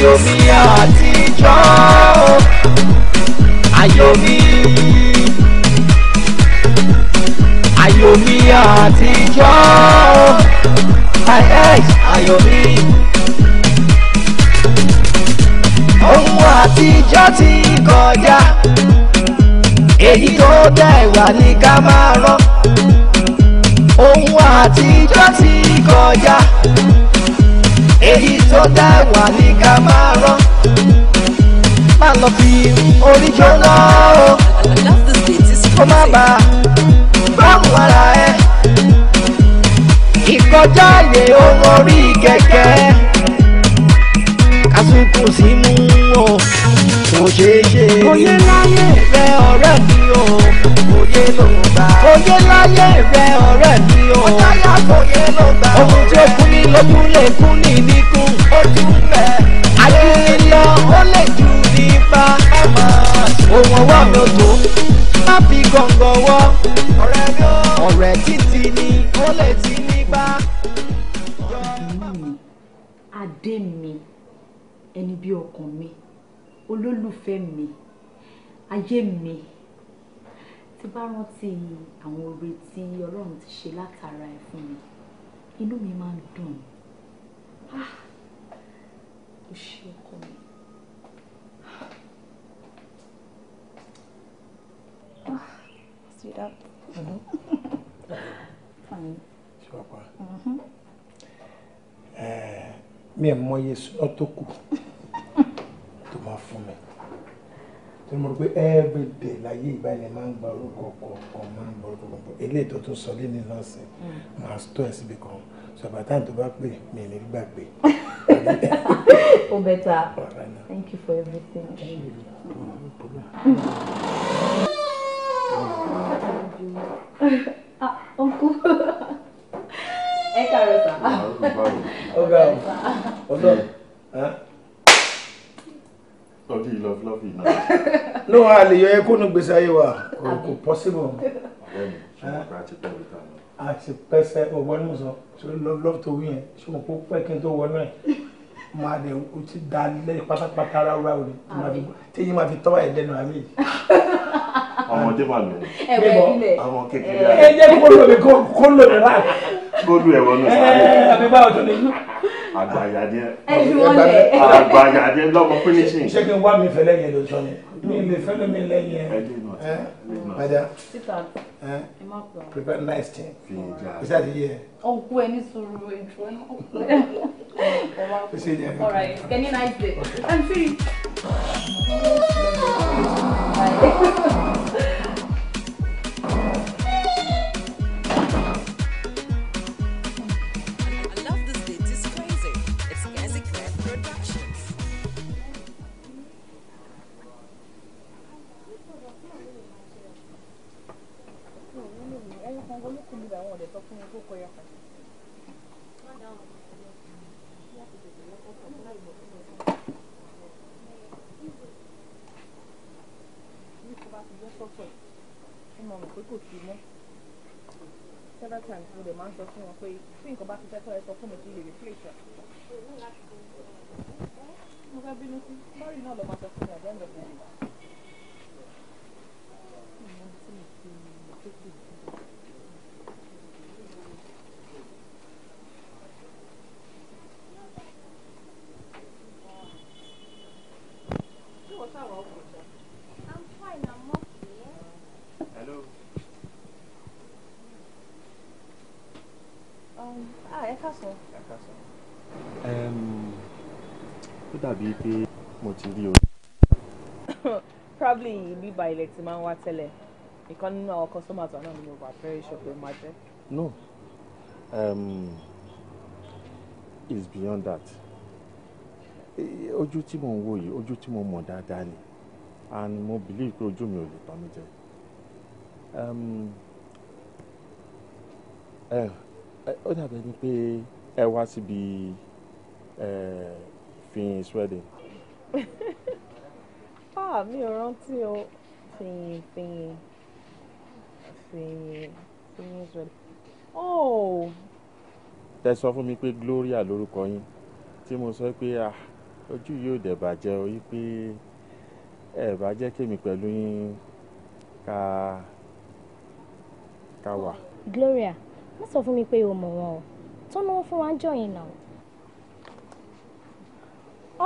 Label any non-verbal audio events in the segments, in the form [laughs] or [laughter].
Ayomi àtijọ́ Àyòmí ayomi. àtijọ́ Àyòmí Ohun àtijọ́ ti kọjá èyí tó dẹ̀ wà ní ká máa rán ohun àtijọ́ ti kọjá èyí tó dẹwà ní ká máa rán má lọ fi orí jóná o kó má bà báwo ara ẹ ìkọjá àyè ohun orí kẹ̀kẹ́ kásùkù sí o mo ṣe ṣe. Oyè láyé rẹ ọ̀rẹ́ mi o, Oye, ló ń gbà. Oye, láyé rẹ ọ̀rẹ́ mi o, ọ̀táyà oyè ló ń gbà. Ohun tí ó kún ní lójú lè kún ní níkún. Ó dùn bẹ́ẹ̀. Àjùlé lọ, ó lè jù nípa ẹ̀ mọ́. Ohun ọwọ́ mi ò tó, má fi gàngàn wọ́. Ọ̀rẹ́ mi ò. Ọ̀rẹ́ títí ni ó lè ti ní bá. Adé mi, ẹni bí ọkàn mi olólùfẹ́ mi ayé mi tí bá rántí àwọn oore tí ọlọ́run ti ṣe látara ẹ̀ fún mi inú mi máa ń dùn ah o ṣe ọkọ mi. Ah! Sweetheart. Mm-hmm. Fine. Ṣé wàá pa? Mm-hmm. Eh, mi kù máa fún mi tí mo rò pé everyday láyé ìbáyẹn máa ń gba orúkọ kọ̀ọ̀kan máa ń gba orúkọ kọ̀ọ̀kan eléyìí tó sọ lé ní máa tó ẹ̀ síbi kan sọ̀bàtàn tó bá pè mí ní gbà pé. [laughs] o thank you for everything. [laughs] ah uncle [laughs] ẹ kàrọ̀ sá. ọ̀gá Lọ́dí ìlọ fluffy náà. Ló wà lè yọ to ní gbèsè ayé wa, kò possible. Ọ̀rẹ́ mi, ṣé mo pa ti pẹ́ níta náà? A ti pẹ́sẹ́ ọ̀gbọ́n ní sọ, ṣé love love tó wí yẹn, ṣé mo kó pẹ́ kí n tó wọnú to Máa dẹ̀ o ti da lẹ́yìn pátápátá ara wa o ni, tí yín máa fi tọ́wọ́ ẹ̀ dẹnu àmì. Ọmọdé máa lò. Ẹ̀wẹ̀ ilẹ̀. Àwọn kékeré. Ẹ to kó lómi kó lómi rà. Kó lù ẹ̀wọ̀n náà sáré. Ẹ àgbàyàdé àgbàyàdé lọ́mọ finishing. ṣé kí n wá mi fẹ́lẹ́ yẹn ló sọ ni mi lè fẹ́lẹ́ mi lẹ́yìn ẹ̀. ẹ madam prepare nice thing is that the year. ọkú ẹ ní sùúrù ètò ẹ náà ọkú ẹ. all right get a nice day i'm free. We. ti máa ń wá tẹ́lẹ̀ ìkan nínú àwọn customers wa náà ni mo wà very sure máa jẹ́. no um, it's beyond that ojú tí mo ń wò yìí ojú tí mo mọ̀ dáadáa ni and mo believe pé ojú mi ò lè tàn mí jẹ. Um, ó dàbí ẹni pé ẹ wá síbi fihàn wedding. [laughs] ah mi ò rántí o thingy, thingy, thingy, thingy as Oh! Tẹ sọ fún mi pé Gloria lórúkọ yín tí mo sọ pé ah ojú yóò dẹ̀ bàjẹ́ o yí pé ẹ bá jẹ́ kémi pẹ̀lú yín ká ká wà. Gloria má sọ fún mi pé o mọ̀ wọn o tó náwó fún wa ń jọ yín náà.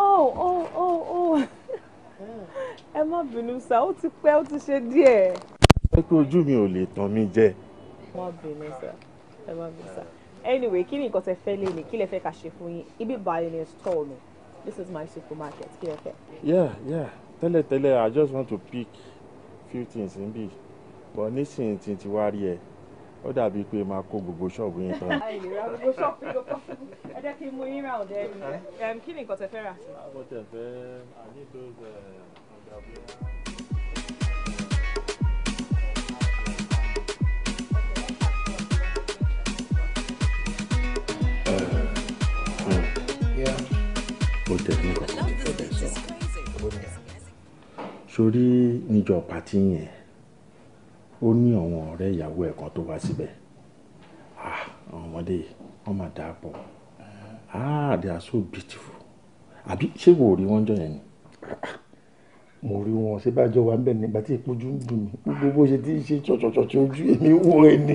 Oh oh oh oh. [laughs] ẹ má bínú sá ó ti pẹ́ ó ti ṣe díẹ̀. ẹ pé ojú mi ò lè tàn mí jẹ. ẹ má bínú sá ẹ má bínú sá anyway kí ni nǹkan tẹ fẹ́ lé ní kí lẹ fẹ́ ká ṣe fún yín ibi báyìí ni store mi this is my supermarket kí lẹ fẹ́. yeah yeah i just want to pick few things níbí but nísìnyí tí ti wá rí ẹ ó dàbí pé máa kó gbogbo ṣọ́ọ̀bù yín tán. àìlera gbogbo ṣọ́ọ̀bù yín lọ́pọ̀ ẹ jẹ́ kí n mú yín round ẹ̀mí kí ni nǹkan tẹ fẹ́ rà. mo tẹ fẹ́ i need those ọ̀gá eh, bíi. ó tẹ̀lé nǹkan níjọ pàtí yẹn ó ní àwọn ọ̀rẹ́ ìyàwó ẹ̀ kan tó wá síbẹ̀ ah, àwọn ọmọdé wọn máa dà á pọ̀ ah they are so beautiful àbí ṣé wo rí wọn jọ yẹn ni. mo rí wọn ṣé bá jọ wà ń bẹ̀ nígbà tí ìpojú ń dùn mí gbogbo bó ṣe ti ń ṣe ṣọ̀ṣọ̀ṣọ̀ṣọ̀ ojú èmi wò ẹ ni.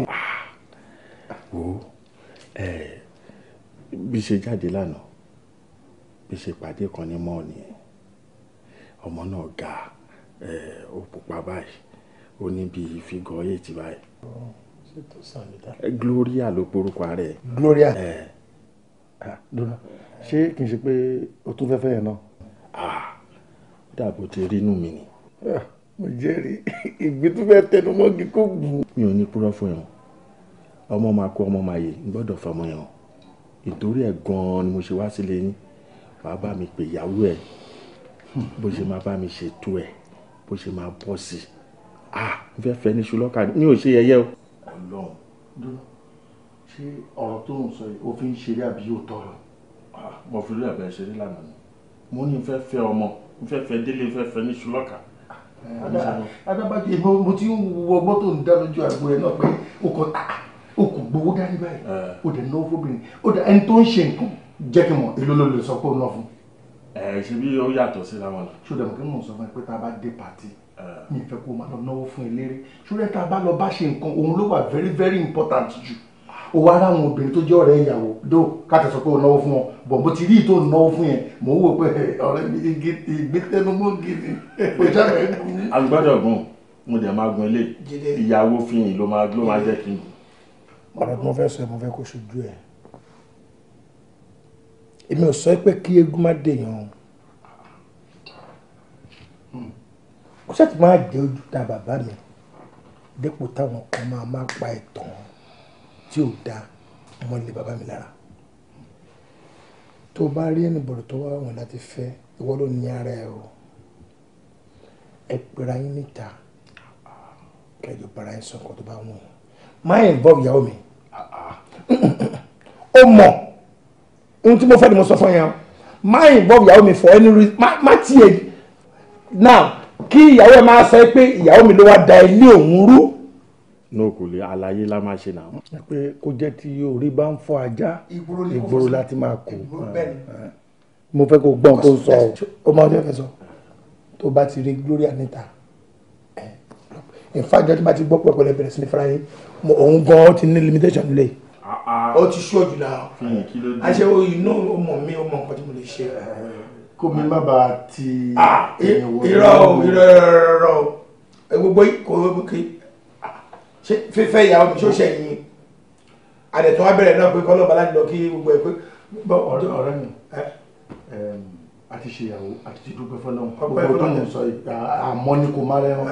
wo ẹ bí ṣe jáde lánàá bí ṣe pàdé kan ní mọ́ọ̀nì ọmọ náà ga ó pupa báyìí ó ní bíi figure báyìí. Eh, gloria ló porúkọ ààrẹ. gloria ẹ eh. dúró ah, ṣé kì í ṣe pé o tún fẹ́fẹ́ yẹn náà. Ah, dàbò ti rí inú mi ni. Ah, mo jẹ́rìí ìgbín tó fẹ́ tẹnu mọ́gi kó gùn. mi ò ní purọ́ fún ẹ̀ ọmọ máa kó ọmọ máa yè gbọ́dọ̀ fọmọ yẹn o ìtorí ẹ̀ gan-an ni mo ṣe wá sílé yín wàá bá mi pè ìyàwó ẹ̀ hmm. bó ṣe máa bá mi ṣètò ẹ̀ bó ṣe máa bọ́ sí i ah mo fẹ́ fẹ́ ní ṣùlọ́kà mi ò ṣe yẹ̀yẹ́ o. Ọlọ́run dúró ṣé ọ̀rọ̀ tó ń sọ yìí o fi ń ṣeré àbí yóò tọrọ. Ah, mo fi rí àbẹ ṣeré lánàá ni mo ní fẹ́ fẹ́ ọmọ mo fẹ́ fẹ́ délé fẹ́ fẹ́ ní ṣùlọ́kà. adábàjẹ́ ah, mo ti ń wọ gbọ́tò ń dá lójú àgbo ẹ̀ náà pé o kò ah, o kò gbowó dání báyìí eh. o dẹ̀ náwó fóbìnrin o dẹ̀ ẹni tó ń ṣe nǹkan jẹ́ kí n mọ̀ èló ló lè sọ pé o náà fún. ẹ eh, ṣe bí ó yàtọ̀ síra wọn. ṣó dẹ̀ mọ̀ kí n mọ̀ sọ fún ẹ pé tá a bá dé pàtì Eh, mi fẹ́ kó máa lọ náwó fún eléré ṣúlẹ̀ tá a bá lọ bá ṣe nǹkan òun ló wà very very important jù o wá ráwọn obìnrin tó jẹ́ ọ̀rẹ́ ìyàwó dó káàtà sọ pé o náwó fún wọn bọ̀ mo ti rí ìtò náwó fún yẹn mò ń wò pé ọ̀rẹ́ mi ìgbẹ́tẹnumọ́ gidi ìjàpẹ́ [laughs] gùn. agbọ́dọ̀ gùn mo dẹ̀ máa gun ilé ìyàwó fihàn ló máa jẹ́ kí n gùn. ọ̀rọ̀ mo fẹ́ sọ ẹ́ mo fẹ́ kó ṣojú ẹ̀ èmi ò sọ pé kí eégún má dèèyàn kó sẹ́tì máa jẹ́ ojú ta bàbá mi dépò táwọn kan máa máa pa ẹ̀tàn tí ò da mọ́lẹ̀ bàbá mi lára tó o bá rí ẹni bọ̀rọ̀ tó wá wọn láti fẹ́ ìwọ ló ní ara ẹ o ẹ pera yín níta kẹjọ para yín sọ nǹkan tó bá wọn má involve ìyàwó mi ó mọ̀ ohun tí mo fẹ́ ni mo sọ fún yẹn má involve ìyàwó mi for any reason má tiẹ̀ now kí ìyàwó ẹ máa sọ pé ìyàwó mi ló wá da ilé òun rú. ní kò lè àlàyé la máa ṣe náà. pé kó jẹ́ tí orí bá ń fọ ajá ìgboro láti máa kó ah, ah. mo fẹ́ kó gbọ́n kó sọ ọ máa fẹ́ sọ tó bá ti rí Gloria níta ìfájọ́ tó bá ti gbọ́ pẹ̀pẹ̀lẹ̀ bẹ̀rẹ̀ sí ní fara òun gan-an ti ní limitation lẹ́yìn ó ti ṣọ́ọ̀jù lára àṣẹ ìná ọmọ mi ọmọ nǹkan tí mo lè ṣe kó mi má bàa ti ah, irọ́ o irọ́ irọ́ o gbogbo kò kí fífẹ́ ìyàwó mi ṣó ṣẹ̀yìn àdètò wa bẹ̀rẹ̀ náà pé kọ́ lọ́ba láti lọ kí gbogbo ẹ̀ pé. bọ́ ọ̀rẹ́ ọ̀rẹ́ mi a ti ṣe ìyàwó a ti dúpẹ́ fọlọ́run gbogbo tó ń sọ àmọ́ ni kò má rẹ́rán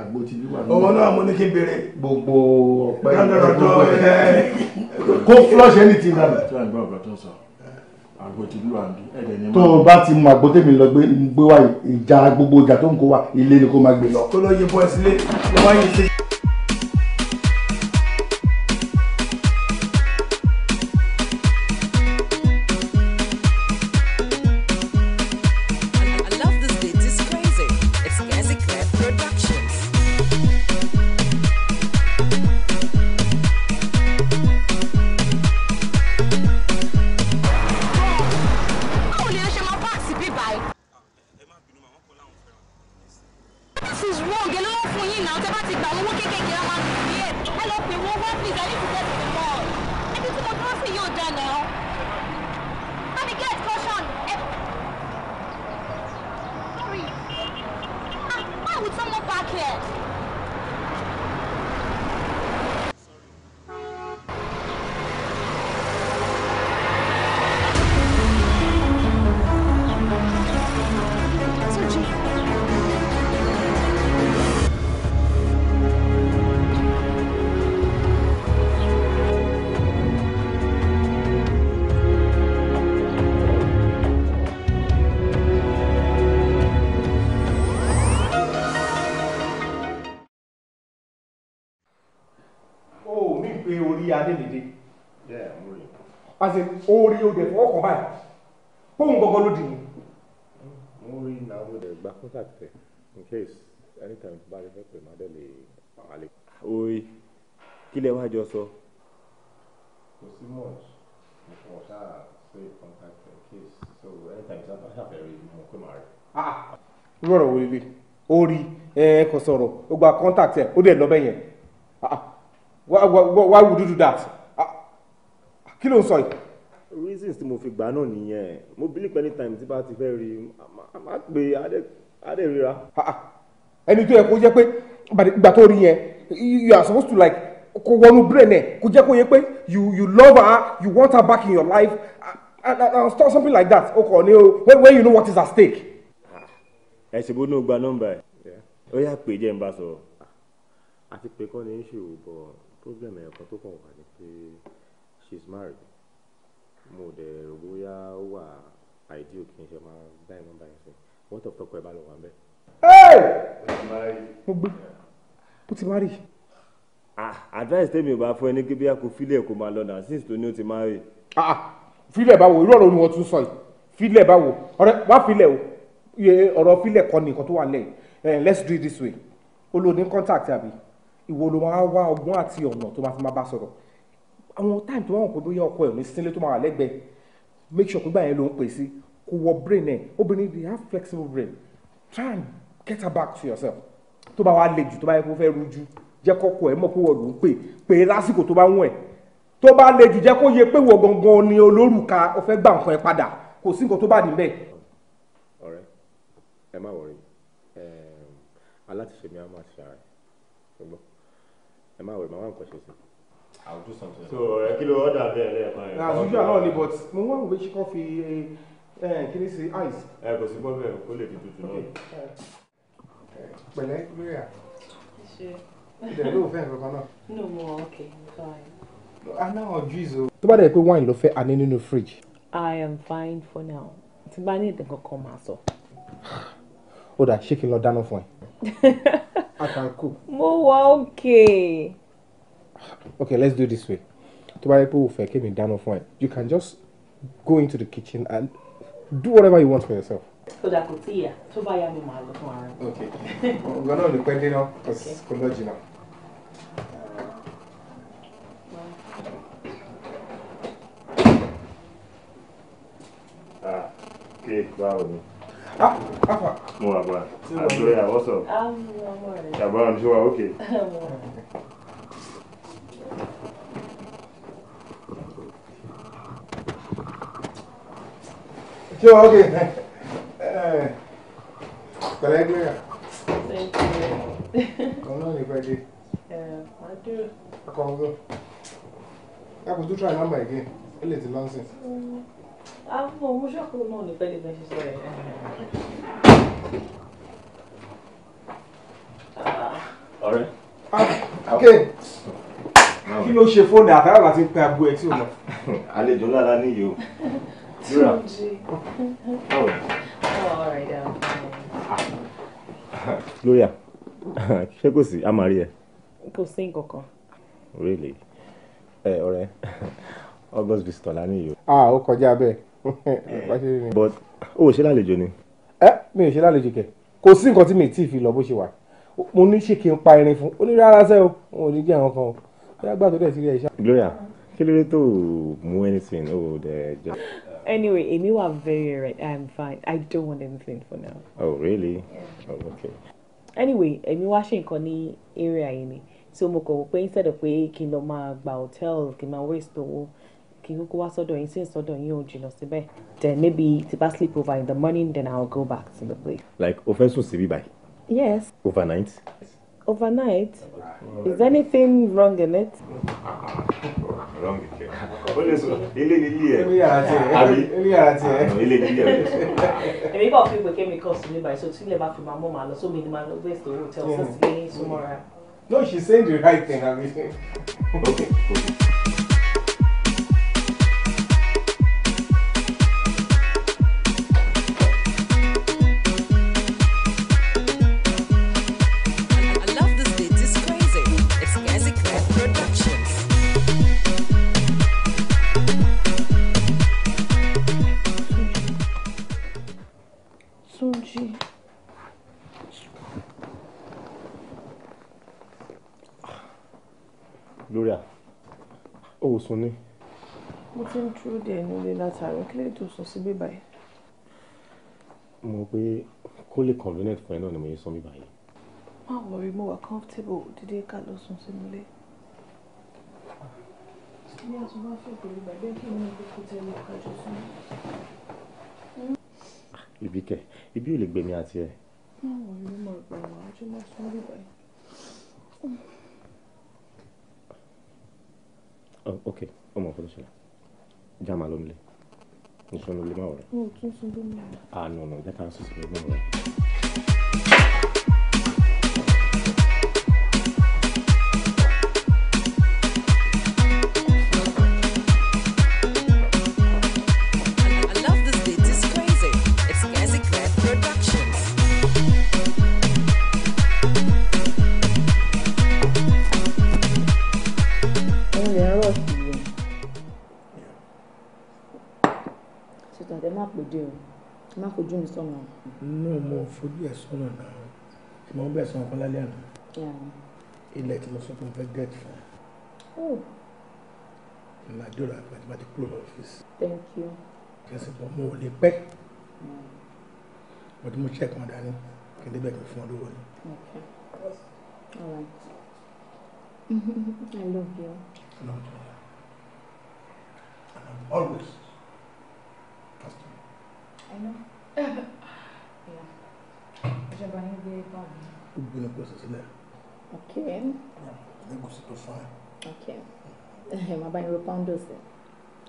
àgbo ti bí wà ní. ọmọ náà mo ní kí n béèrè. gbogbo ọ̀pẹ gbogbo ẹ̀ kó flush anything dànù. tí wàá gbọ́ ọ̀gá tó ń sọ tó o bá ti mọ àgbo tèmi lọ gbé wá ìjà gbogbo ìjà tó ń kó wa ilé ni kó máa gbé lọ. kó lọ yẹ bọ́ ẹ sílé lọ́wọ́ yìí ṣe. yẹn kò sọ̀rọ̀ gba contact ẹ̀ ó dẹ̀ lọ bẹ́yẹn why would you do that kí ló ń sọ yìí. reasons tí mo fi gbà náà nìyẹn mo believe anytime tí bá ti fẹ́ rí i máa pe adé ríra. Ah, ah, ẹni tó yẹ kó jẹ́ pé ìgbà tó rí yẹn you are supposed to like kò wọnú brain ẹ kò jẹ́ kó yẹ pé you love her you want her back in your life and and, and start something like that o kò ní o when you know what is at stake. Ah, ẹ ṣe bó ní o gba nọ́mbà ẹ ó yà pé jẹ́ ń bá sọ̀rọ̀. àti pé kọ́ ni ń ṣe òbọ̀ problem ẹ̀kan tó kàn wà ní pé she is married mo dẹ̀ rò bóyá ó wà àìdí òkè ṣe máa dá ìmọ̀ báyìí sí wọ́n tọ̀ tọkọ ẹ̀ bá lọ wà bẹ́ẹ̀. mo gbé ó ti má rí. Ah, advice tèmi ò bá fún ẹ ní kí bí a kò filẹ̀ kó máa lọ nà since tó ní ó ti má rí. Ah, ah, filẹ̀ báwo irú ọ̀rọ̀ ni wọ́n tún sọ yìí filẹ̀ báwo ọ̀rẹ́ wá filẹ̀ o ọ̀rọ̀ filẹ̀ kọ́ ni nǹkan tó wà lẹ́yìn eh, let's do it this way ó lò ní contact àbí ìwọ ló máa wá ọgbọ́n àti ọ̀nà tó máa fi máa bá sọ̀rọ̀ àwọn time tó wà wọn pé bóyá ọkọ ẹ̀ ní sílé tó máa wà lẹ́gbẹ̀ẹ́ make sure pé gbà yẹn ló ń pè sí kó wọ brain ẹ̀ obìnrin dey have flexible brain try and get her back to yourself tó bá wà le jù tó bá yẹ kó fẹ́ rújú jẹ́ kọ́kọ́ ẹ̀ mọ̀ pé wọ́n ló ń pè pé lásìkò tó bá wọ̀n ẹ̀ tó bá le jù jẹ́ kó yẹ pé wọ́n gangan ni olórùka ó fẹ́ gbà nǹkan ẹ̀ padà kò sí nǹkan tó bá níbẹ̀. ọ̀rẹ́ ẹ má wọrí aláṣẹ mi á máa ṣe ara ẹ má wẹ̀ máa wá nǹkan ṣe sí. I'll do something. so ọ̀rẹ́ kí ló ọ̀dà bẹ́ẹ̀ lẹ́ẹ̀kan yẹn. àṣùjọ àwọn ni but mo wá òwe ṣe kán fi kí ni ṣe ice. ẹ kò sí bọ́ọ̀lù ẹ̀ kó lè di tuntun náà. pẹ̀lẹ́ gloria. ìdẹ̀ ló fẹ́ nǹkan náà. no mo okay fine. aná ọ̀jú ìzò. tó bá dẹ̀ pé wine ló fẹ́ a ní nínú fridge. I am fine for now. tí bá ní ìdẹ̀ kankan máa sọ ó dà ṣé kí n lọ dáná fún [laughs] I can cook. mo wà okay. okay let's do this way To buy people who o fẹ́ kí mi dáná you can just go into the kitchen and do whatever you want for yourself. ó dà kò tíì yá tó bá yá mi máa okay ọgbọ́n náà ò ní pẹ́ dé náà kò lọ jìnnà. Ah, que eh, báwo Ah, Papa. Ah, ah. Mo wà bá. Àdúrà what's up? Yàbá ọ̀n ṣé wà okay? Ṣé [laughs] wà okay? Pẹ̀lẹ́ ẹgbẹ́ yà. Kàn náà nípa ẹgbẹ́. Akọ̀ọ̀gbọ́n. Yàgò do try number again. Ó lè ti lọ́nsìn àwọn ọmọ ṣọ́ọ̀kù náà ní pẹ́ẹ́lí bẹ́ẹ̀ ṣe sọ ẹ̀. ọ̀rẹ́. ké kí ló ṣe fóònù àtàràbà ti pe àgbo ẹ̀ tí o mọ̀. [laughs] àlejò lára níyì o. Dúrà. [laughs] Báwo ni? [laughs] Gloria, ṣé kò sí? A máa rí ẹ. Kò sí nǹkan kan. Really? Ẹ eh, ọ̀rẹ́, August visitor la ní yìí o. Ah, ó kọjá bẹ́ẹ̀. [laughs] but o ṣe lálejò ni. ẹ mi ò ṣe lálejò kẹ kò sí nǹkan tí mi ti fi lọ bó ṣe wà mo ní ṣe kí n pa irin fún ó ní rárá sẹ́ o wọn ò ní jẹ́ àwọn kan o bóyá gbàtọ́ dẹ̀ sí rí ẹ̀ ṣá. Gloria kí ló dé tó mú anything o dẹ̀ jọ. Anyway, Amy, you very right. I'm fine. I don't want anything for now. Oh, really? Yeah. Oh, okay. Anyway, Amy, wá ṣe nǹkan ní area yìí ni. So mo kọ̀ wò pé instead of pé kí n lọ máa gba hotel, kí n máa waste owó kí n kúkú wá sọ́dọ̀ yín sí ìsọ́dọ̀ yín ò jìnnà síbẹ̀ then maybe ti bá sleep over in the morning then i will go back to the place. like o fẹ́ sùn síbí báyìí. yes. overnight. overnight is anything wrong in it. wrong in it. o lè sùn ilé nílé ẹ. ilé yàrá tiẹ̀ àbí ilé yàrá tiẹ̀. Ah, ilé nílé ẹ o lè sùn. èmi kàn fi pèké mi kàn sùn ní so tí ilé bá fi máa mọ́ màá lọ sómi no she's saying the right thing abi. okay. okay. sùn ni. mo ti ń dúró de ẹnu ilé látàrí kí lè tó sùn sí bíbá yìí. mo mọ̀ pé kó lè convenient fún ẹ náà ni mo yẹ sọ bíbá yìí. má wọrí mo wà comfortable dídé ká lọ sùn sínú ilé. ilé àti máa fẹ́ pẹ̀lú bàbá kí ni ibi kò tẹ̀lé kájọ sínú. ibi kẹ ibi ò lè gbẹmí àti ẹ. má wọrí mo máa gbà wá ọjọ́ máa sùn bíbá yìí. Oh, ok ọmọ ọkọ tó ṣẹlẹ̀ já máa ló ń lé nìṣó ló lè má wọrẹ. mi ò tún sun bí mo rẹ. ah no pòde o má fojú mi sọ̀nà. inú mo fojú ẹ̀ sọ̀nà náà ìmọ̀ bẹ́ẹ̀ sọ̀rọ̀ fún lálẹ́ àná ilẹ̀ tí mo sọ fún fẹ́ gẹ̀ẹ́tì fún un ìmọ̀ àdúrà àti máa ti kúrò ní ọ́fíìsì. thank you. kẹsì bọ́ mo ò lè pẹ́ mo ti mú check wọn dání kí n débẹ̀ kí n fún ọ lówó ni. okay all right [laughs] i love you. i love you. and i'm always. I know. [laughs] yeah. Ìjọba yín gbé báàgì. Gbogbo ẹ̀ pèsè sílẹ̀. Okay. Ẹ̀gúsí tó fine. Okay. Màá bá yín ro pondo sí.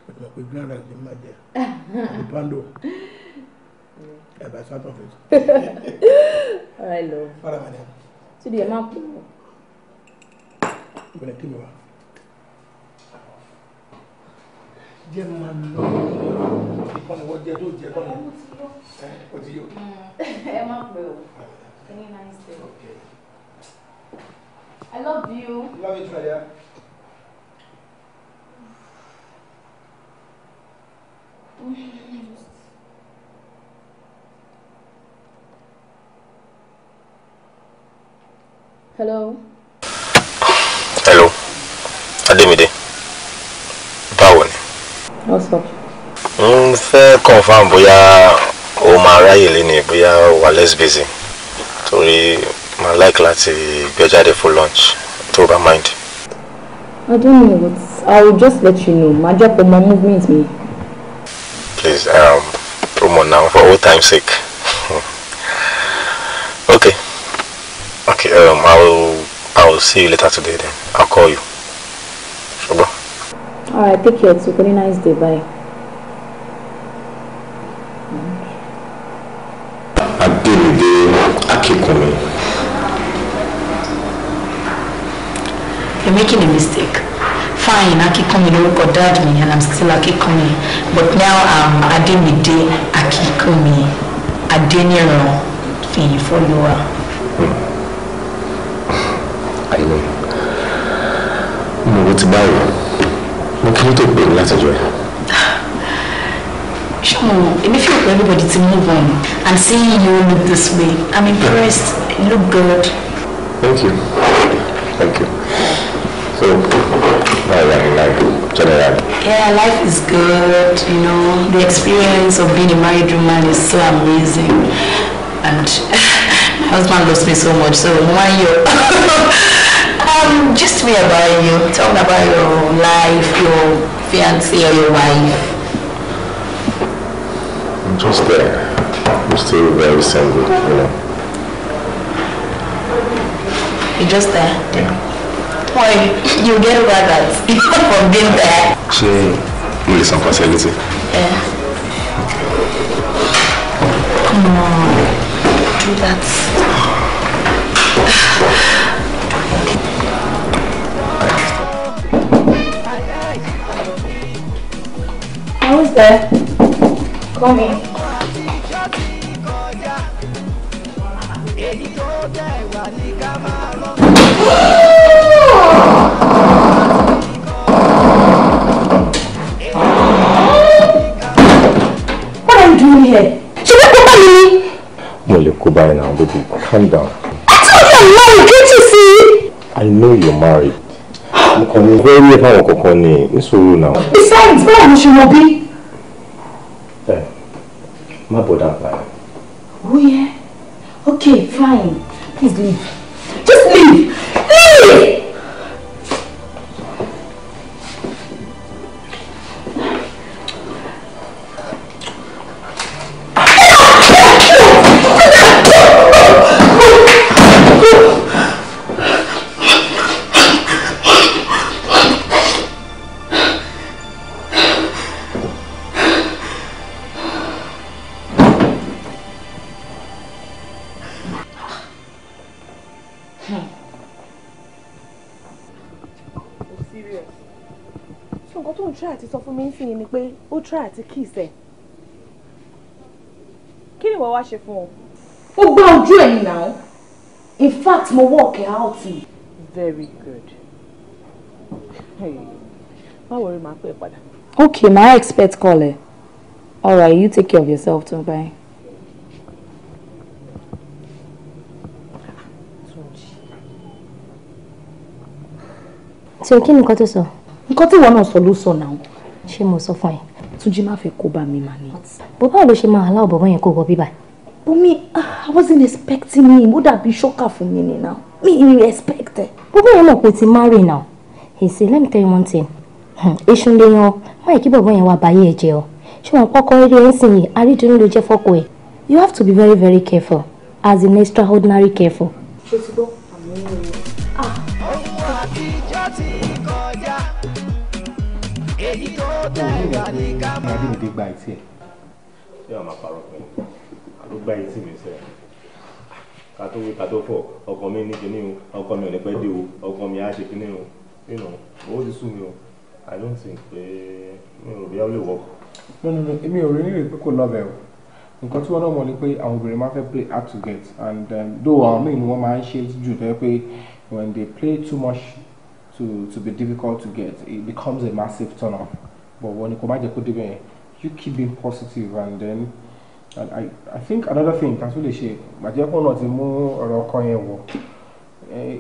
Ìgbà pé grand rice ni máa jẹ. Pondo. Ẹ̀bà sátọ̀ fẹ́. All right, love. Fara mi ni. Túndé ẹ̀ máa pè é. Ìgbà kí mi wá. jẹ́ máa lọ ìkànnì wọ́n jẹ́ tó jẹ́ kọ́nà o ti yọ. ẹ má pè o any nice day. I love you. Love you too, Aya. Hello. Hello. Ademide what's up. n fẹ́ confam bóyá o máa ráyè lénìí bóyá wà less busy torí máa like láti gbé e jáde for lunch tó bá mind. I don't know but I will just let you know ma drop on my movement me. Please um, promo now for old time sake. [laughs] okay okay um, I will I will see you later today then I'll call you. Alright, take care It's a Very nice day. Bye. Adémidé Akínkúnmi. You're making a mistake. Fine, Akínkúnmi lórúkọ dad mi and I'm still Akínkúnmi. But now I'm Adémidé Akínkúnmi. Adéníran fìyìn fọ́lọ́wà. Àìlè, mo ti báyìí mo kí ló tó pè mí látọjọ́ ẹ. ṣùgbọ́n èmi feel pé everybody ti move on and seeing you look this way i'm impressed you look good. thank you thank you so how are you like generally. yeah life is good you know the experience of being a married woman is so amazing and [laughs] my husband loves me so much so mo máa ń [laughs] Um, just me about you. Talking about your life, your fiancé or your wife. I'm just there. I'm still very single, you know. You're just there? Yeah. Why? You get over that from being there. She needs some facility. Yeah. Come on. Do that. Sir, come What are you doing here? Should I come me? Molly, go by now, baby. Calm down. I told you I'm married, can't you see? I know you're married. I'm very, very, very, very, very, very, very, very, very, very, very, very, very, very, very, very, má bọ̀dá padà. oh yeah okay fine please leave just leave leave. nǹkan tó ń try àti sọ fún mi sí ni pé ó try àti kiss ẹ kí ni ìwọ wá ṣe fún ọ. ó gbá ojú ẹ̀yìn náà in fact mo work out. very good má wọrí máa pè é padà. okay my expert call ẹ all right you take care of yourself too bye. so kí ni nǹkan tó sọ nǹkan tí ìwọ náà sọ ló sọ náà. ṣé mo sọ fún ẹ. Túnjí má fẹ́ kó bá mi mà ní. bàbá ò lè ṣe máa aláwọ̀ bàbá yẹn kó wọ bíbá. Bùnmi, ah, I wasn't expecting him ó dàbí ṣọ́kà fún mi ni now mi ì respect ẹ. bàbá yẹn mọ̀ pé ti marry now he say let me tell you one thing hmm, èṣù lè yan máyì kí bàbá yẹn wà báyé ẹ jẹ ọ ṣé wọn kọ́kọ́ rí ẹ ń sìn yìí àrídùnú ló jẹ́ fọ́kọ ẹ you have to be very very careful as in extraordinary careful. ṣé ti gbọ́ àmọ́ mi ò ní pẹ́ I don't think pé mi ò rò bí ó lè wọ̀. Nínú èmi ò rí ní ìrèpé kò lọ́bẹ̀ o. Nǹkan tí wọ́n náà mọ̀ ni pé àwọn obìnrin máa fẹ́ play hard to get and though àwọn míì ni wọ́n máa ń ṣe jù fẹ́ pé when they play too much to, to be difficult to get, it becomes a massive turn off but wọ́n ní kò má you keep being positive and then and I I think another thing kan tó lè ṣe gbàjẹ́pọ̀ náà ti mú ọ̀rọ̀ ọkọ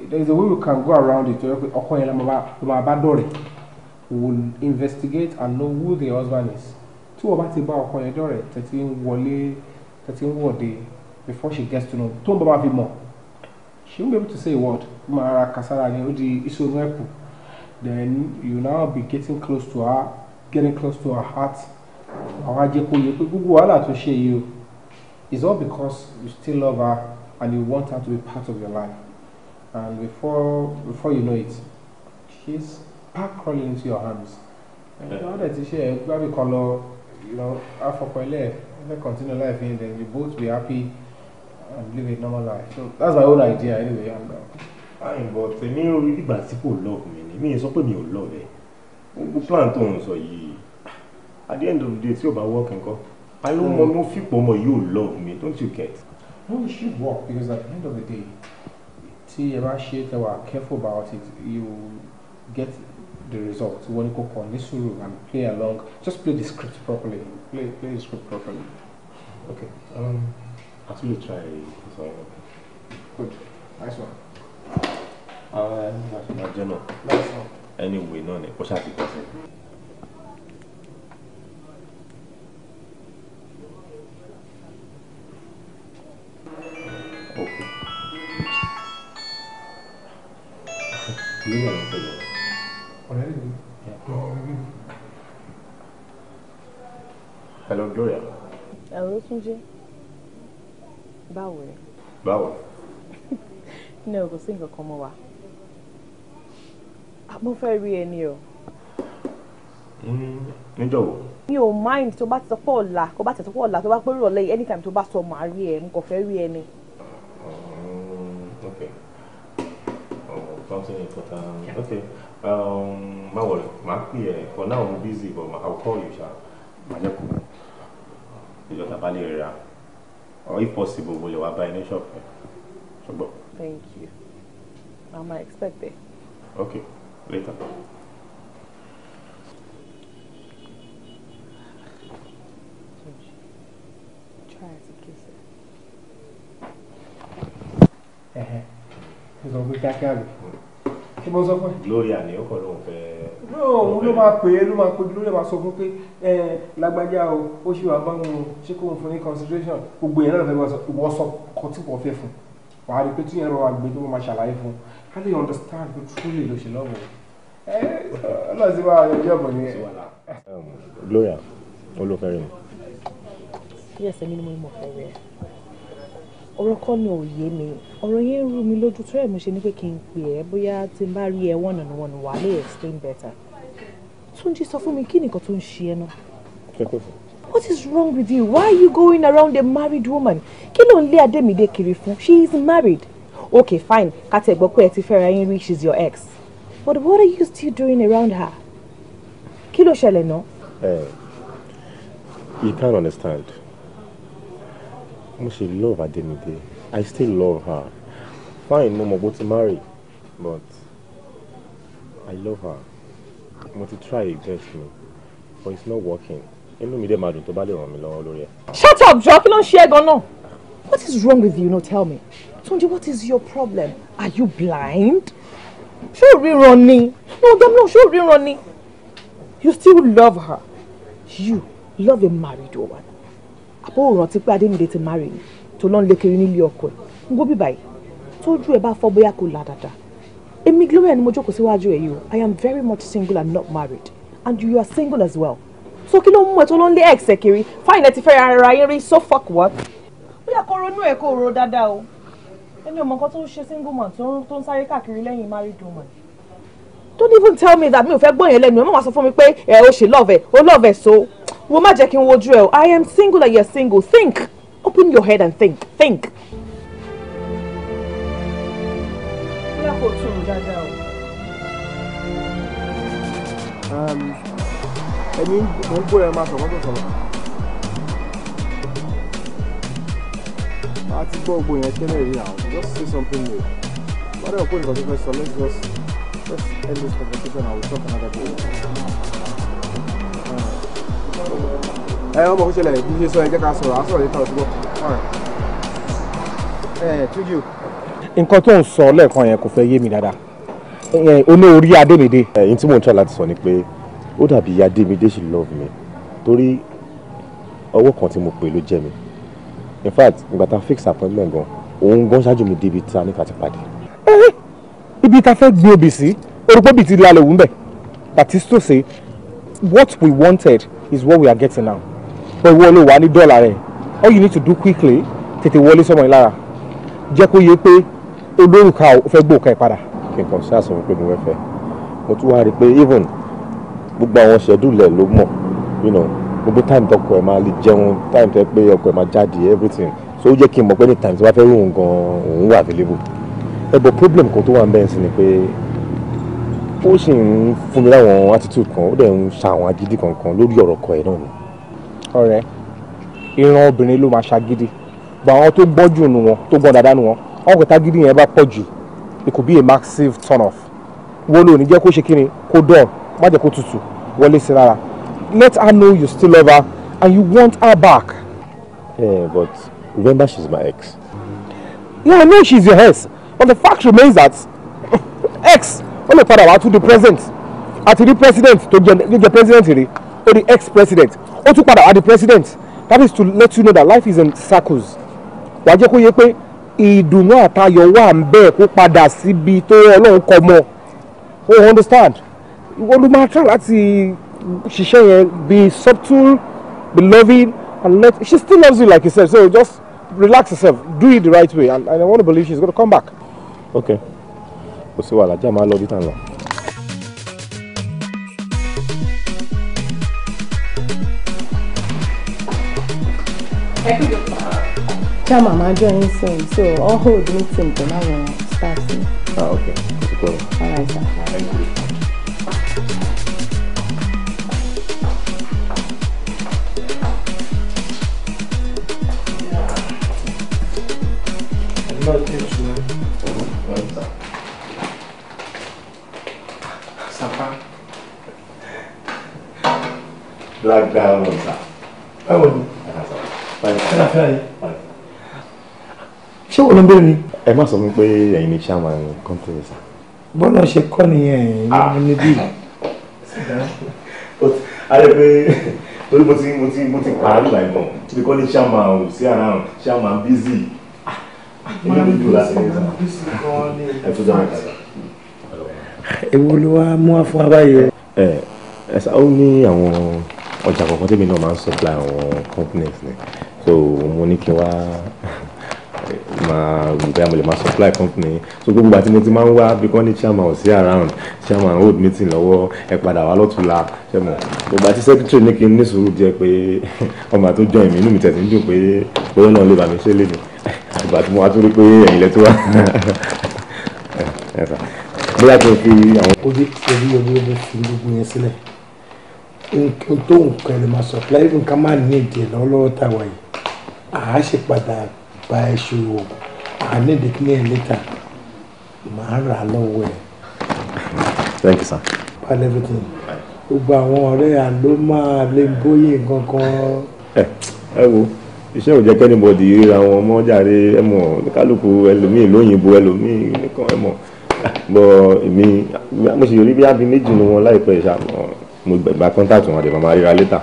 there is a way we can go around it where ọkọ yẹn ló máa bá dọ̀rẹ̀ we will investigate and know who the husband is tí wọ́n bá ti bá ọkọ yẹn dọ̀rẹ̀ tẹ̀tí ń wọlé tẹ̀tí ń before she gets to know tó ń bá máa fi she won't be able to say what. word máa ra kàsára ni ó di then you now be getting close to her getting close to our heart àwọn ajẹ́kọ̀ọ́ yẹ pé gbogbo wàhálà tó ṣe yìí o it's all because you still love her and you want her to be part of your life and before before you know it she's back crawling into your arms ẹ̀ka ọ̀dẹ̀ ti ṣe ẹgbẹ́ kan lọ lọ afọkọ ilé ẹ̀ ẹ̀ continue life in then you both be happy and live a normal life so that's my own idea anyway. àyìnbó uh, tèmi ò rí ìgbà tí kò lọ́ọ̀kù mi ni mi ò sọ pé mi ò lọ́ọ̀lẹ́ gbogbo plan tó ń sọ yìí at the end of the day tí o bá work nǹkan i no mo no fi pọ̀ mọ́ you love me don't you get. no you should work because at the end of the day tí ẹ bá ṣe tẹ wà careful about it you get the result wọ́n ní kókó ní sùúrù and play along just play the script properly play play the script properly. okay um, i too dey try something. good nice one àṣemájẹ́ náà ẹni ìwé náà ni kó ṣàtìkọ́ sí. Lúyà ló ń pè lọ́wọ́. Ọ̀rẹ́ mi ló ń rí. Hello Gloria. Hello Túnjí. Báwo rẹ̀? Báwo? [laughs] Ní ọ̀gọ̀sí nǹkan kan mọ́ wa mo fẹ́ rí ẹ ni o. Hmm, níjọ̀wọ́. mi ò mind tó bá ti sọ pé ọ̀la tó bá ti sọ pé ọ̀la tó bá pérò ọ̀lẹ́ yìí anytime tó bá sọ màá rí ẹ mo kàn fẹ́ rí ẹ ni. Hmm, okay oh, something important okay um, má wọlé màá pè ẹ for now i'm busy but i will call you ṣá màá jẹ́ kó lè ra or if possible mo lè wá bá ẹ ní ṣọ́ọ̀bù ẹ ṣùgbọ́n. thank you i ma okay later. Try to kiss it. Eh, it's over back out. kí mo sọ fún ẹ. gloria ni ó kàn lóun fẹ́. lóòun ló máa pè é ló máa pè gloria máa sọ fún pé lágbájá o ó ṣì wà báwọn o ṣé kò ń fún ní concentration gbogbo yẹn náà fẹ́ wọ́n sọ ìwọ sọ kọtí wọ́n fẹ́ fún wàá rí i pé tí yẹn rọra gbé tó máa ṣàlàyé fún un how do you understand who truly ló ṣe lọ́wọ́ ọlọ́run ti wá ọjọ́ bọ̀ ni. Um, Gloria olùfẹ́rẹ́ mi. yes èmi ni my mọ̀ fẹ́ rẹ̀ ọ̀rọ̀ kọ́ ni ò yé mi ọ̀rọ̀ yẹn ń to mi lójú tó ẹ̀ mo ṣe ni pé kí n pè ẹ́ bóyá tí n bá rí ẹ explain better Túnjí sọ fún mi kí nìkan tó ń ṣe what is wrong with you why are you going around a married woman kí ló ń lé Adémídé she is married okay fine kati ẹ gbọ́ pé ẹ ti fẹ́ra yín rí she's your ex but what are you still doing around her kí ló ṣẹlẹ̀ ná. you can't understand mo ṣe love Ademide i still love her fine mo go to marry but i love her mo ti try her best me, but it's not working inú mi dé máa dùn tó bá lè ràn mí lọ́wọ́ lórí ẹ̀. shut up jọ kí ló ń ṣe é gan what is wrong with you no tell me. Túnjí, what is your problem? Are you blind? Show ò ríran No, damn no, Show ò ríran You still love her. You love a married woman. Àbó òrántí pé Adémídé ti marry ni tó lọ́n lé kiri nílé ọkọ ẹ̀. N gbó bíbá yìí. Tójú ẹ̀ bá fọ́ bóyá kò là dáadáa. ni mo jókòó síwájú ẹ̀ yìí I am very much single and not married. And you are single as well. So kí ló mú ẹ tó ex sekiri. Fine, Fáìnì ẹ ti ara yín so fuck what? Bóyá koronu ronú ẹ̀ kó ro dáadáa o èmi ò mọ nǹkan tó ń single man Don't say sáré káàkiri lẹ́yìn married woman. don't even tell me that Me, if I go and let ẹ̀ my wá sọ fún mi pé ẹ̀ oh, she love it. Oh, love it so Woman, Jackie, jẹ́ kí i am single and you single think open your head and think think. Um. kò tún un dáadáa o. Um, ẹni mo ń gbọ́ a ti gbọ́ gbogbo yẹn tẹ́lẹ̀ rí àwọn just say something new lọ́dọ̀ òkú nǹkan tó fẹ́ sọ let's just let's end this conversation and we'll talk another day. Uh, ẹ ọmọ kò ṣẹlẹ̀ bí ṣe sọ ẹ jẹ́ ká sọ̀rọ̀ àá sọ̀rọ̀ yìí tọ̀rọ̀ síbọ̀ ẹ tújú. nǹkan tó ń sọ lẹ́ẹ̀kan yẹn kò fẹ́ yé mi dáadáa oní orí adémídé. ẹyin tí mò ń tọ́ láti sọ ni pé ó dàbí adémídé she love me torí ọwọ́ kan tí mo pè ló jẹ́ mi in fact ìgbà tá a fix appointment gan òun gan ṣáájú mi débi tí a ní ká ti pàdé. ibi tá a fẹ́ gbé obì sí orúkọ bíi ti lálẹ́ òun bẹ̀ that is to say what we wanted is what we are getting now but ìwọ ló wà ní dọ́là rẹ̀ all you need to do quickly tètè wọlé sọmọ yìí lára jẹ́ kó yé pé olórùka ò fẹ́ gbòòkan ẹ̀ padà. kí n kàn ṣáà sọ pé mo fẹ́ mo tún wá rí i pé even gbogbo àwọn ṣẹ́dúlẹ̀ ló mọ̀ you know gbogbo time tọkọ ẹ̀ máa lè jẹun time tẹ pé ọkọ ẹ̀ máa jáde everything so ó jẹ́ kí n mọ̀ pé ní time tí wọ́n fẹ́ rún gan òun wà available ẹ bọ̀ problem kan tó wà ń bẹ́ẹ̀ sí ni pé ó sì ń fún mi láwọn attitude kan ó dẹ̀ ń sa àwọn agídí kankan lórí ọ̀rọ̀ ọkọ ẹ̀ náà ni. ọ̀rẹ́ ìran obìnrin ló máa ṣagídí bọ àwọn tó gbọ́ jù nù wọn tó gbọ́ dáadáa nù wọn àwọn kò tágídí yẹn bá pọ̀ jù it could be a massive turn off wọ́n lò ní jẹ́ kó ṣe kí ni kó dọ̀ má jẹ́ kó tutù wọlé sí rárá Let her know you still love her and you want her back. Yeah, but remember she's my ex. Yeah, I know she's your ex. But the fact remains that [laughs] ex, only father wá to the present. Àti the president to jẹ́ the president or the ex-president. Ó tún padà wá the president. That is to let you know that life is in circles. Wàá jẹ́ kó yé pé ìdùnnú àtayọ̀ wà ń bẹ́ẹ̀ kó padà síbi tó Ọlọ́run kọ mọ́. O oh, understand? Olùmọ̀ọ́tà láti ṣiṣẹ́ yẹn be subtle be loving and let she still loves you like you said so just relax yourself do it the right way and, and I want to believe she's gonna come back. okay kò sí wàhálà jẹ́ àmọ́ lọ bí tàn lọ. Yeah, Mama, I'm joining so I'll hold meeting for now. Start Ah, okay. All right, sir. Thank you. package ni. Sapa. Lágbára ọ̀sà. Báwo ni? Àlàáfíà yìí. Ṣé wo ló ń bẹ̀rẹ̀ ni? Ẹ má sọ mi pé ẹ̀yin ni chairman company sir. Bọ́lá ṣe kọ́ nìyẹn ẹ̀yin ló mú níbí. A lè pe torí mo ti mo ti mo ti pààrọ̀ ìgbà ìgbọ̀n. Bí kò ní chairman ò sí àrùn chairman busy ewu ló wá mú àfún abáyé. ẹ ẹ sá ó ní àwọn ọjà kọ̀ọ̀kan tèmi náà máa ń supply àwọn companies ni so mo ní kí n wá máa bẹ́ẹ̀ mo lè máa supply company so gbogbo àti mo ti máa ń wá bí wọ́n ní chairman ò sí around chairman hold meeting lọ́wọ́ ẹ padà wá lọ́tùlá chairman gbogbo àti secretary ní kí n ní sùúrù díẹ̀ pé ọmọ àtúnjọ ìmínú mi tẹ̀sí ń dùn pé bóyá náà lè bá ṣe lè dùn ìgbà tí mo wá tó rí pé ẹ̀yin lẹ tó wá bóyá kí n fi àwọn. obi obi obi obi fi gbogbo yẹn sílẹ̀ nǹkan tó nǹkan lè máa supply nǹkan máa ní ìdí lọ́wọ́lọ́wọ́ tá a wà yìí àá ṣe padà bá ẹ ṣe wò àá ní ìdí kíní ẹ̀ níta màá rà á lọ́wọ́ ẹ̀. thank you sir. pal everything gbogbo àwọn ọ̀rẹ́ àlọ́ máa lè bóyè nǹkan kan. ẹ ẹ wo iṣẹ́ ò jẹ́ kẹ́nìbọ̀dì ríra wọn mọ́ jàre ẹ̀mọ́ kálukú ẹlòmíì lóyìnbó ẹlòmíì nìkan ẹ̀mọ́ bọ́ èmi mo sì rí bí abi méjì nu wọn láìpẹ́ ṣá mo gba kọ́ńtàtì wọn àti màmá ríra létà.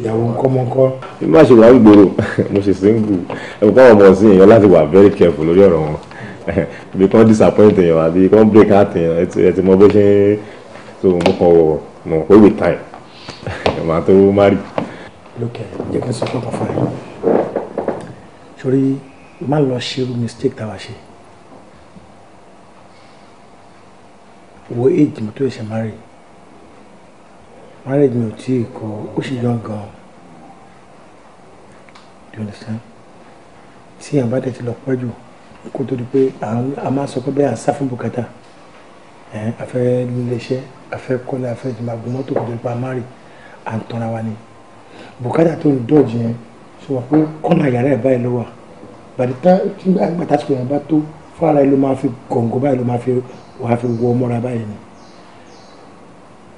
ìyàwó kọ́mọkọ́. bí má ṣe wà gbòòrò [laughs] mo sì single ẹ̀mọ́ káwọn ọmọ sí èèyàn láti wà very careful lórí ọ̀rọ̀ wọn [laughs] bí kàn disappoint èèyàn àbí kàn break heart èèyàn ẹ ti mọ bó ṣe ń so mo kàn wọ̀ mọ̀ pé with time ẹ̀ [laughs] lókè jẹ́ kí n sọ fún ọkàn fún ẹ sórí má lọ ṣerú mistake táwa ṣe wo age mi tó ṣe marry marriage mi ò tí ì kọ ó sì yọ gan do you understand tí à ń bá tètè lọ pẹ́ jù kó tó di pé a máa sọ pé bẹ́ẹ̀ à ń sá fún bùkátà afẹ́ níléeṣẹ́ afẹ́ kọ́lé afẹ́ jùmọ̀ agbọ́n mọ́tò kò tó di pé a marry à ń tanra wa ni bùkátà tó ń dọ̀jì yẹn ṣe wà pé kọ́nà yàrá ẹ̀ báyìí ló wà gbàdúrà tí àgbàtà sùn yẹn bá tó fúnra ẹ̀ ló máa fi gọ̀ǹgọ̀ báyìí ló máa fi wàá fi wọ ọmọra báyìí ni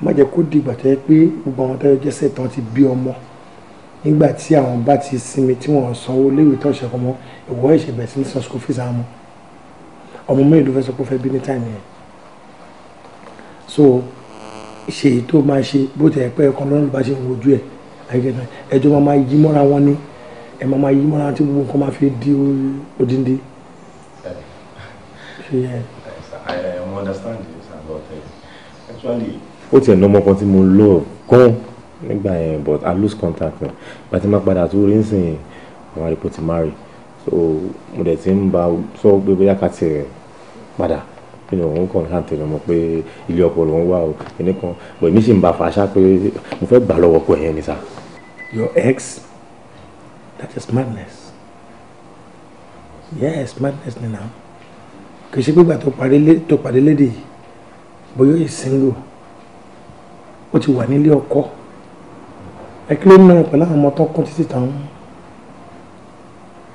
má jẹ́ kó dìgbà tó yẹ pé gbogbo àwọn táyọ̀ jẹ́sẹ̀ tán ti bí ọmọ nígbà tí àwọn bá ti sinmi tí wọ́n sanwó léwu tó ṣe ọmọ ìwọ ìṣẹ̀bẹ̀ sí ní san school fees àwọn ọmọ mẹ́rin ló fẹ́ sọ pé ó fẹ́ bí ní táìmì yẹn so ṣe tó máa ṣe bó tẹ̀ pẹ́ ẹ̀kọ́ lọ́nà bá ṣe ń wojú ẹ̀ ẹjọ́ máa máa yí mọ́ra wọn ni ẹ máa máa yí mọ́ra tí gbogbo nǹkan máa fi di odindi. I understand eh, ó tiẹ̀ ní kan tí mo lọ gan nígbà yẹn but I lose contact now bàtí máa padà tó rí nsìn àwọn àdìpọ̀ ti marry so mo dẹ̀ ti ń ba sọ pé bóyá ká tiẹ̀ padà nínú òun kàn hàn tẹ̀lé mọ̀ pé ilé ọpọlọ ń wà o ẹnìkan bọ̀ èmi sì ń ba fàṣà pé mo fẹ́ gbà lọ́wọ́ pọ̀ ni sáà your ex, that is madness. Yes, madness ni now. Kì í ṣe gbígbà tó pàdé lédè yìí, bóyá yìí single, ó ti wà nílé ọkọ. Ẹ kí ló ń náà pẹ̀lú àwọn ọmọ tó kún títí táwọn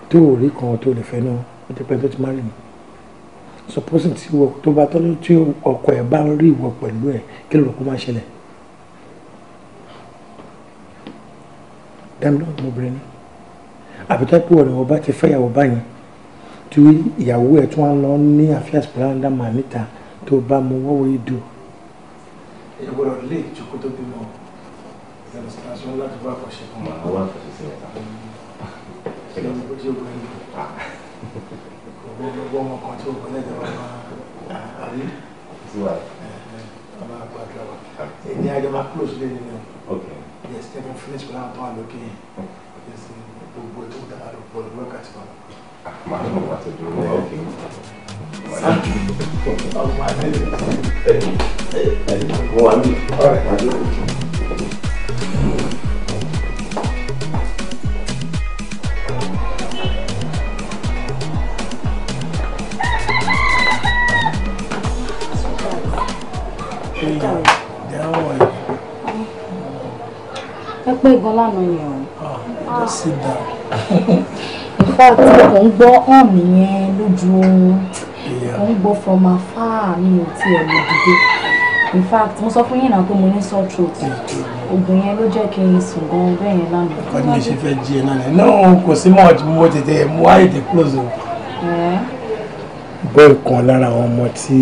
tó ò rí kan tó lè fẹ́ náà ó ti pẹ́ tó ti má rìn. Supposing tí ọkọ ẹ̀ bá ń rí ìwọ pẹ̀lú ẹ̀ kí ló rò kó máa ṣẹlẹ̀? dámi lọ́wọ́ ọmọbìnrin ni àbútá pé ọ̀rẹ́ ọba ti fẹ́ ìyàwó báyìí tí ìyàwó ẹ̀ tún á lọ ní àfíà spiranda mà níta tó bá mu wọ́wọ́ ìdù. ìgbọ́dọ̀ lè jókòó tó bímọ ìyàtọ̀ station láti bá àkọsí fún wa. àwọn àkọsí sí ẹ̀ta. ṣé o ti gbọ́ ẹ̀yìn? gbogbo ọmọ kan tí o kọ́ lẹ́jọ́ wa máa àrí. ọmọ àgbàdo àwọn ẹni ajọ́ máa close lé nínú yes tẹ́ bá finish pẹ̀lú àwọn tó wà lókè yẹn yes gbogbo ètò ìdára ló pọ̀ lọ́wọ́ kàtí wa. màá tún wà tó dúró wá òkè yìí. ọmọ àti ẹ̀yìn ẹ̀yìn wọ́n wá ní ọ̀rẹ́ wájú. ẹ pé gan lánàá yẹn o. just sit down. in fact mo ń gbọ́ hàn mí yẹn lójú oorun mo ń gbọ́ from afar mi ò tiẹ̀ lè dìde in fact mo sọ fún yín náà pé mo ní sore throat oògùn yẹn ló jẹ́ kí n sùn gan bẹ́ẹ̀ yẹn lánàá. ọkọ ni mi ṣe fẹ́ jí ẹ náà ni náà kò sí mọ́ ọ̀jú mo tètè mú ayé tè close o. bọ́ọ̀ kan lára àwọn ọmọ tí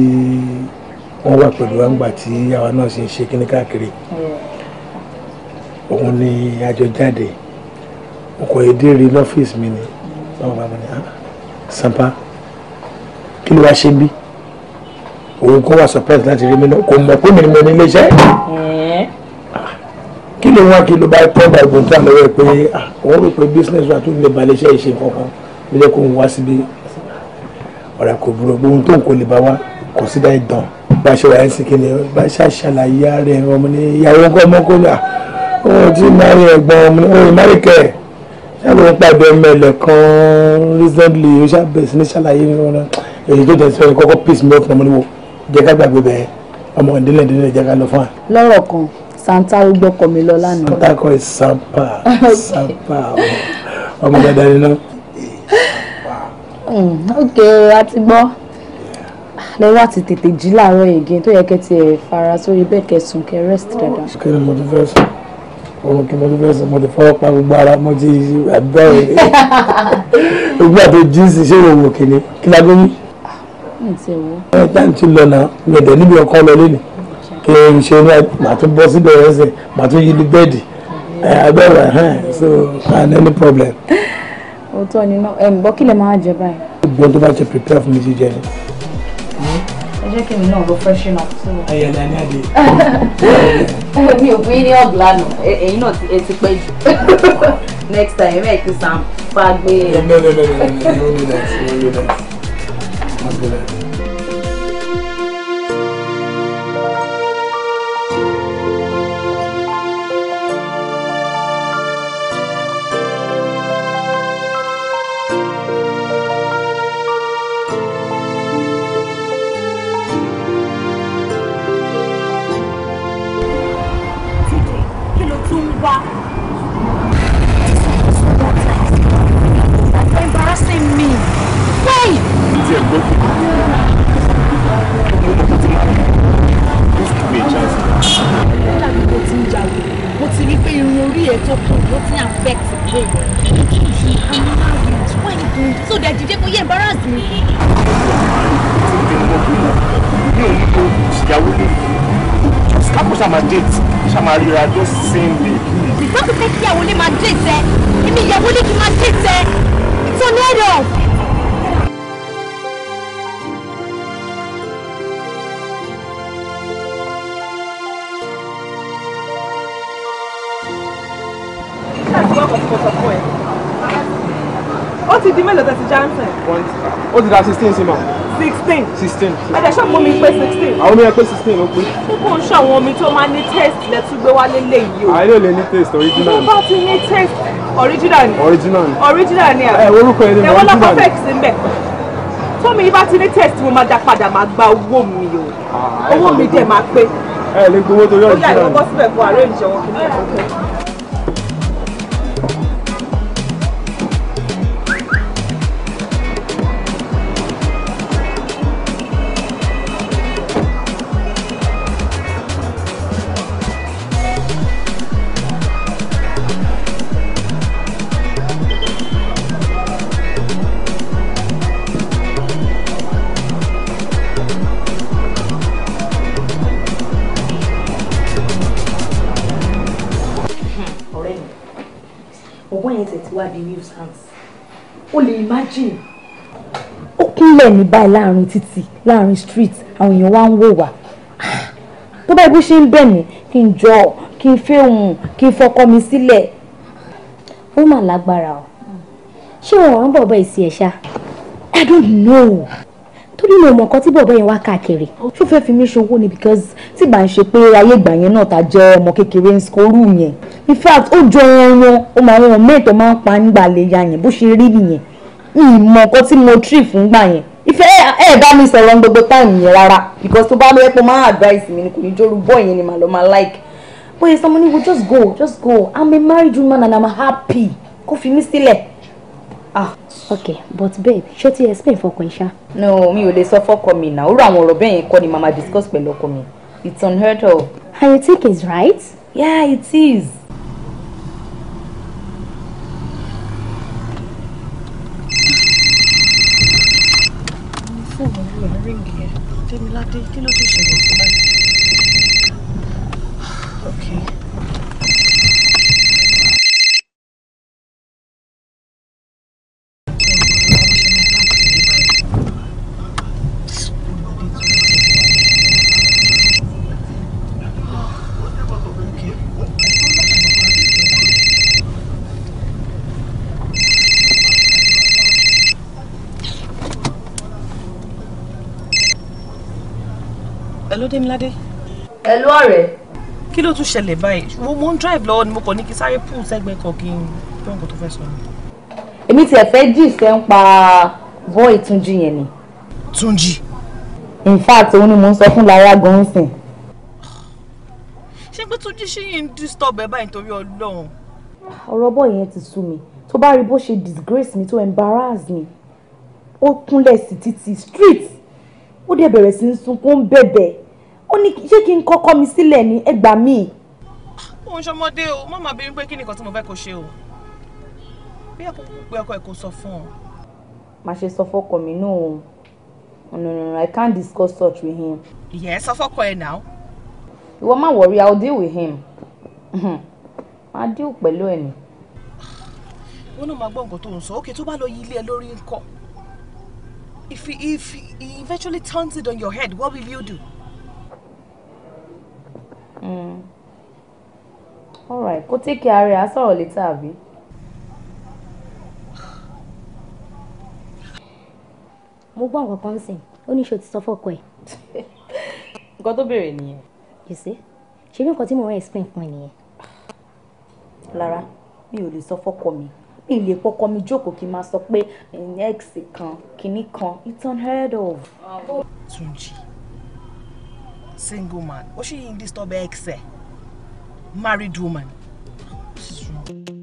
wọ́n wà pẹ̀lú àgbà tí àwa náà ṣe ń ṣe kíní káàkiri. Yeah òun ni àjọjáde ọkọ̀ èdè rí lọ́fíìsì mi ni báwo bá mo ní ah, Sampa kí ló wá ṣe bí òun kó wà surprise láti rí mi náà kò mọ̀ pé mi ni mo ní iléeṣẹ́ kí ló wá kí ló bá tọ́ bá ìbùn tí a lọ́wọ́ pé òun ah, rò pé business wa tó lè ba iléeṣẹ́ ìṣe kankan ló jẹ́ kó ń wá síbi ọ̀rẹ́ kò burú gbogbo tó ń kó lè bá wa consider it done bá a ṣe wà sí kí ni bá a ṣàṣàlàyé ara ẹ̀ ọmọ ní ìyàwó ọkọ̀ ọmọ kó ní à o ti mari ẹ̀gbọ́n o mari kẹ ṣàlùwọ pàdé ọmọ ẹlẹ kan recently o ṣàbẹ̀rẹ̀ sí ní ṣàlàyé ní ọ̀nà èyí tó tẹ̀sí ọ̀rẹ́ kọ́kọ́ peace milk ọmọ níwò jẹ́ ká gbàgbé bẹ́ẹ̀ ọmọ ìdílé ìdílé jẹ́ ká lọ fún wa. lọ́rọ̀ kan santa ló gbọ́kọ̀ mi lọ lánàá. santa kọ́ ẹ sampa sampa ọmọ dada ni náà. Hmm, ok a ti gbọ́ lẹ wá ti tètè jí láàárọ̀ yìí gan tó yẹ kẹ́ ti ẹ̀ fara sórí bẹ́ẹ̀ kẹ́ sùn rest dáadáa ọ̀rọ̀ kí mo ti fẹ́ sọ mo ti fọwọ́ pa gbogbo ara mo ti àbúrò rẹ̀ [laughs] gbogbo àti jíǹsì ṣé ìwọ̀n wò kíní kí la gbé yín. ẹ táyì tí lọ náà mi ẹ̀dẹ̀ níbi ọkọ lọ lé ní kí n ṣe ní màá tún bọ́ síbẹ̀ ẹsẹ̀ màá tún yí ní bẹ́ẹ̀dì abẹ́rẹ́ ẹ̀hán so and any problem. òótọ́ ni náà ẹ̀ ń bọ́ kí lè máa jẹ báyìí. ìgbọ́n bá ti prepare fún mi jíjẹ ni jẹ́ kí mi náà lọ freshen up. ẹyẹ ní adé adé. mi ò fún yín ní ọ̀gbìn lánàá ẹ̀yin náà ẹ ti pẹ́ jù next time ẹ̀ kí sam fagbe. no no no no no no no no no no no no no máa date ṣá máa ríra tó same day. ìgbà tó fẹ́ kí ìyàwó lè máa date ẹ èmi ìyàwó lè kí máa date ẹ tó ní ẹ̀rọ. ó ti di mélòó tẹ̀sí jáǹsẹ̀ ó ti da sixteen sí ma. sixteen sixteen. ẹ̀dẹ̀ ṣọ́pọ̀ mi pé sixteen. àwọn mi yẹ pé sixteen ló pé. púpọ̀ ń ṣe àwọn omi tó máa ní test lẹ́tún gbé wálé léyìí o. àyè lè ní test original. mo bá ti ní test original original original ni à. ẹ orúkọ ẹni mo original ni. ẹ̀wọ́n lọ́kọ́ fẹ́ẹ̀kì sí mbẹ̀. tómi ibà ti ní test mo máa dá padà máa gba owó mi o. Ah, owó mi dẹ̀ máa pé. ẹ lè gbowó torí original ni. ó dà nuisance o lè imagine. ó kúnlẹ̀ ní báyìí láàrin títì láàrin street àwọn èèyàn wá ń wò wá tó bá ibi ṣe ń bẹ̀ mí kí n jọ kí n fẹ́ òun kí n fọkọ mi sílẹ̀. ó mà lágbára o ṣé wọn rán bọ̀bọ̀ ìsì ẹ̀ ṣá. I don't know torí mo mo mọ̀ nǹkan tí bọ̀bọ̀ yẹn wá káàkiri ṣó fẹ́ fi mí ṣòwò ni because tí bá ń ṣe pé ayé ìgbà yẹn náà ta jẹ́ ọmọ kékeré ń sọ orú in fact ó jọ ẹran wọn ó máa wọn mẹ́ẹ̀tọ́ máa ń pa nígbà lè ya yẹn bó ṣe rí nìyẹn ìmọ̀ kan tí mo tree fún gbà yẹn ìfẹ́ ẹ bá mi sọ̀rọ̀ gbogbo táìmù yẹn rárá because tó bá lọ́yẹ́ pé máa advice mi ni kò ní jóru bọ́ yẹn ni màá lọ máa like but yẹn sọmọ ni wo just go just go i'm a married woman and i'm happy kó fi mí sílẹ̀. ah okay but babe ṣé ti explain fọkàn ṣá. no mi ò lè sọ fọkọ mi náà ó rọ àwọn ọ̀rọ̀ bẹ́ẹ̀ yẹn kọ́ ni màmá discuss pẹ̀lú ọkọ mi it's unheard of. and you think it's right. yeah it is. fóònù olúwa ríǹgì yẹn Tẹ́miládé kí ló ti ṣe hello Demilade. hello ọ̀rẹ́. kí ló tún ṣẹlẹ̀ báyìí ṣùgbọ́n mo ń drive lọ́wọ́ ni mo kàn ní kí sáré pool sẹ́gbẹ̀ẹ́ kan kí n tó tó fẹ́ sọ èmi tiẹ̀ fẹ́ jì ṣe ń pa boy Túnjí yẹn ni. Túnjí. in fact òun ni mo ń sọ fún Lára gan-an sìn. ṣé pé Túnjí ṣì ń disturb ẹ báyìí nítorí Ọlọ́run. ọ̀rọ̀ bọ́ yẹn ti sú mi tó bá rí bó ṣe disgrace mi tó embarrass mi ó kúnlẹ̀ sí títí street ó dẹ̀ bẹ̀rẹ̀ sí ń sunkún bẹ̀bẹ̀ ó ní ṣé kí n kọ́kọ́ mi sílẹ̀ ní ẹgbà mi. òun ṣọmọdé o má máa bí wípé kí nìkan tí mo fẹ́ kó ṣe o bí ẹ̀kọ́ pé ọkọ ẹ̀ kò sọ fún ọ. má ṣe sọ fọkọ mi náà o no no no i can't discuss such with him. ìyá ẹ sọ fọkọ ẹ náà. ìwọ má wọrí i deal with him máa hmm. deal pẹ̀lú ẹ̀ ni. wọn náà máa gbọ́ nǹkan tó ń sọ òkè tó bá lọ yí ilé ẹ lórí ńkọ́ if he if he eventually turns it on your head what will you do. Mm. alright kó take care rẹ̀ á sọ̀rọ̀ later àbí. mo gbọ́ nǹkan kan sìn ó ní ṣe ti sọ fọ́kọ ẹ̀. [laughs] nǹkan tó béèrè nìyẹn. you see ṣe bí nǹkan tí mo rán explain fún ẹ nìyẹn. Lára mi ò lè sọ fọ́kọ mi mi lè fọ́kọ mi jókòó kí n máa sọ pé ex kan kinní kan it's unheard of. Túnjí single man. What she in this to be ex? Married woman. What is wrong?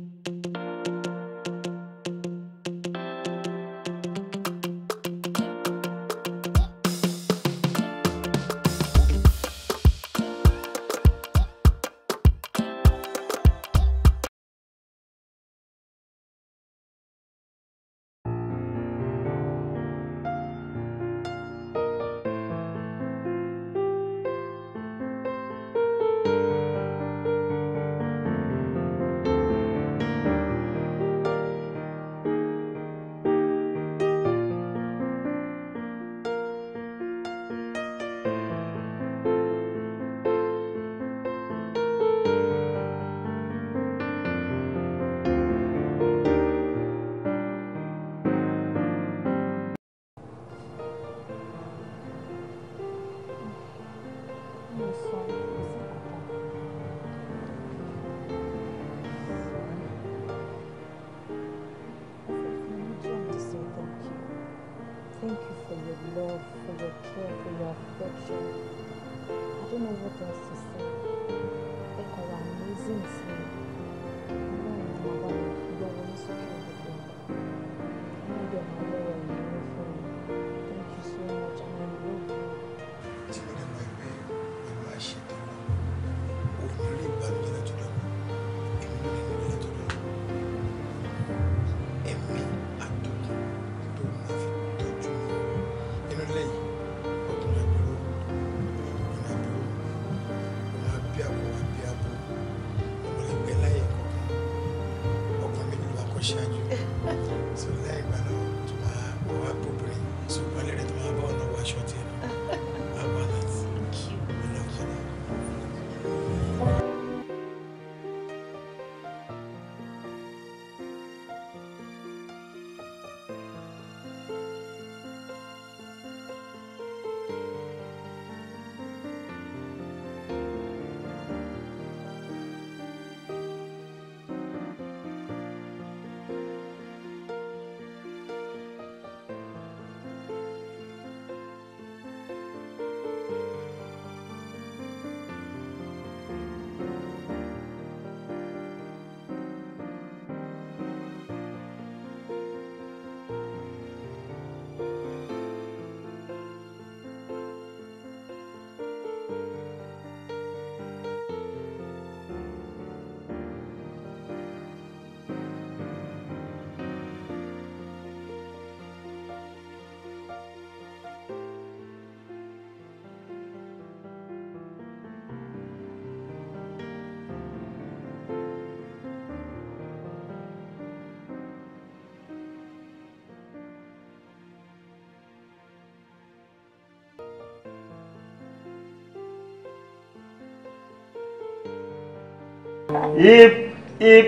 Hip, hip,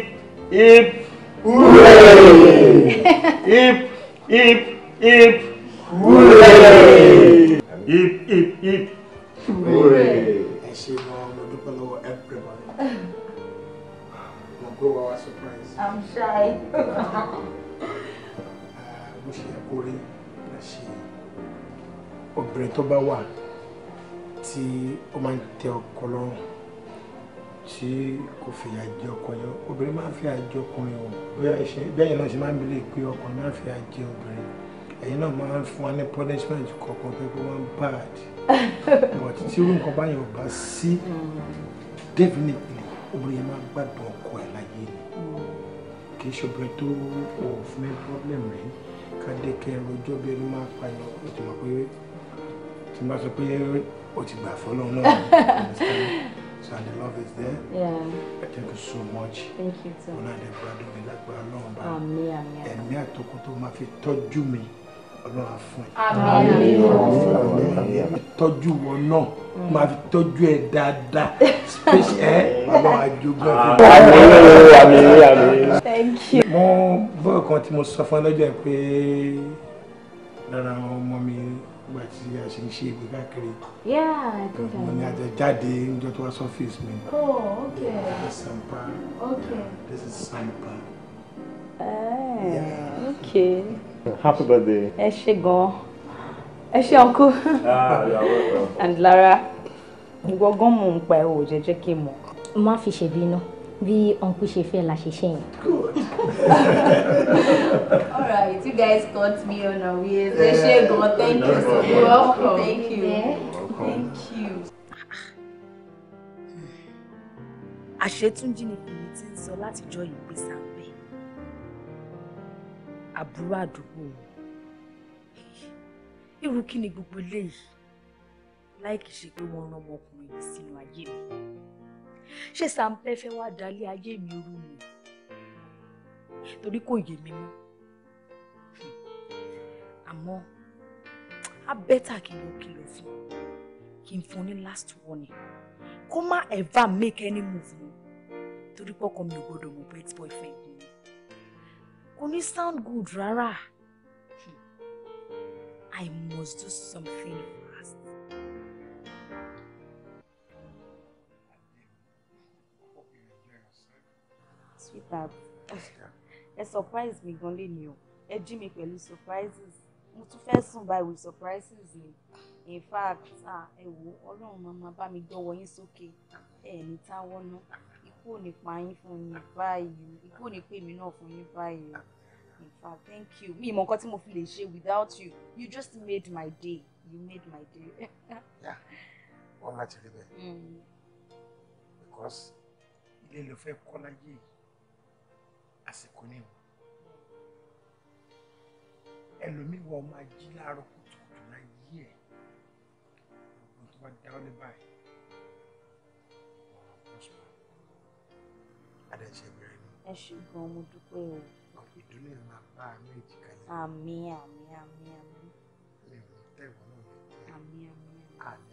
hip, hooray! hip, hip, hip, hooray! Hip, hip, hip, hooray! Ẹ ṣe mọ mo dúpẹ́ everybody. Mo gbé wa surprise. I'm shy. Mo ṣe ẹ̀kọ́rí la ṣe obìnrin tó bá wà tí ó máa tí kò fìyà jẹ ọkọ obìnrin máa ń fìyà jẹ ọkùnrin o bẹ́ẹ̀ náà ṣe máa ń bilé pé ọkùnrin máa ń fìyà jẹ obìnrin ẹ̀yin náà máa ń fún wa ní punishment kọ̀ọ̀kan pé kó bad [laughs] but tí irú nǹkan báyìí ò bá sí mm. definitely obìnrin yẹn máa ń gbàdùn ọkọ ẹ̀ láyé ni mm. kì í ṣobìnrin tó ò fún ẹ problem rẹ̀ kádẹ́kẹ́ rojọ́ bí ẹni máa pa ẹ̀ ó ti mọ̀ pé ó ti gbà fọ́ náà [laughs] So the love is there. Yeah. Thank you so much. Thank you too. Ọlọ́run àdé gbádùn mi lágbára Ọlọ́run bá. amen. àmín. Ẹ̀mí àtọkùn tó máa fi tọ́jú mi Ọlọ́run fún ẹ. Àmín àmín. Tọ́jú wọn náà mm. máa fi tọ́jú ẹ dáadáa. Space ẹ bàbá wa jogún ẹ. Thank you. Mo bọ́ọ̀ kan tí mo sọ fún ẹ lọ́jọ́ ẹ pé lára mi nígbà tí a ṣe ń ṣe ìwé káàkiri. yeah i think i know. mo ní àjẹ jáde níjọ́ tó wá sọ́fíìsì mi. oh okay. this sampa. okay. this is sampa. Eh, okay. happy birthday. ẹ ṣé gan-an ẹ ṣé uncle. Ah, and Lara ìwọ gan mò ń pa ẹ̀ ò jẹ́ kí n mọ̀. má fi ṣèbínú bí uncle ṣe fẹ́ la ṣe ṣe yẹn. good. [laughs] all right you guys caught me on a way ẹ ṣe gan thank you so much welcome thank you thank you. àṣetúnjì ni kùnì ti ń sọ látijọ́ ìgbésà ń bẹ̀ àbúrò àdúgbò irú kí ni gbogbo eléyìí láì kìí ṣe pé wọ́n rán ọmọkùnrin yìí sínú ayé mi ṣé Samuel fẹ́ wá dalẹ̀ ayé mi rú ni torí kò yé mi mọ́ àmọ́ á bẹ́tà kí ló kìlọ̀ fún kí n fún ní last warning kó má ever make any move mọ́ torí pọ́kọ mi ò gbọ́dọ̀ mọ̀ pé ex boyfriend mi ni kò ní sound good rárá hmm. I must do something. keep that ẹ surprise mi gan lè ní o ẹ jí mi pẹ̀lú surprises mo tún fẹ́ sùn báyìí with surprises ni in fact ẹ wo ọlọ́run máa máa bá mi dọ́wọ́ yín sókè ẹ ní táwọ́ ná ikú ò ní pa yín fún yín báyìí ikú ò ní pè mí náà fún yín báyìí in fact thank you mi ìmọ̀ nǹkan tí mo fi lè ṣe without you you just made my day you made my day. [laughs] yeah wọ́n láti rí bẹ́ẹ̀ mm. because ilé ló fẹ́ kọ́ láyé yìí àsìkò ni wọ́n ẹlòmíì wọ́n máa jí láàárọ̀ kùtùkùtù láyé ẹ̀ gbogbo tó bá dáwọ́ lé báyìí wọ́n máa pọ̀ adẹ́sẹ̀ bẹ̀rẹ̀ ni. ẹ ṣe gan mo dúpẹ́ o. ìdúró yẹn máa bá àmì èjìká yẹn. àmì àmì àmì àmì. lè mú tẹ̀wọ́ náà lè tẹ̀. àmì àmì àmì.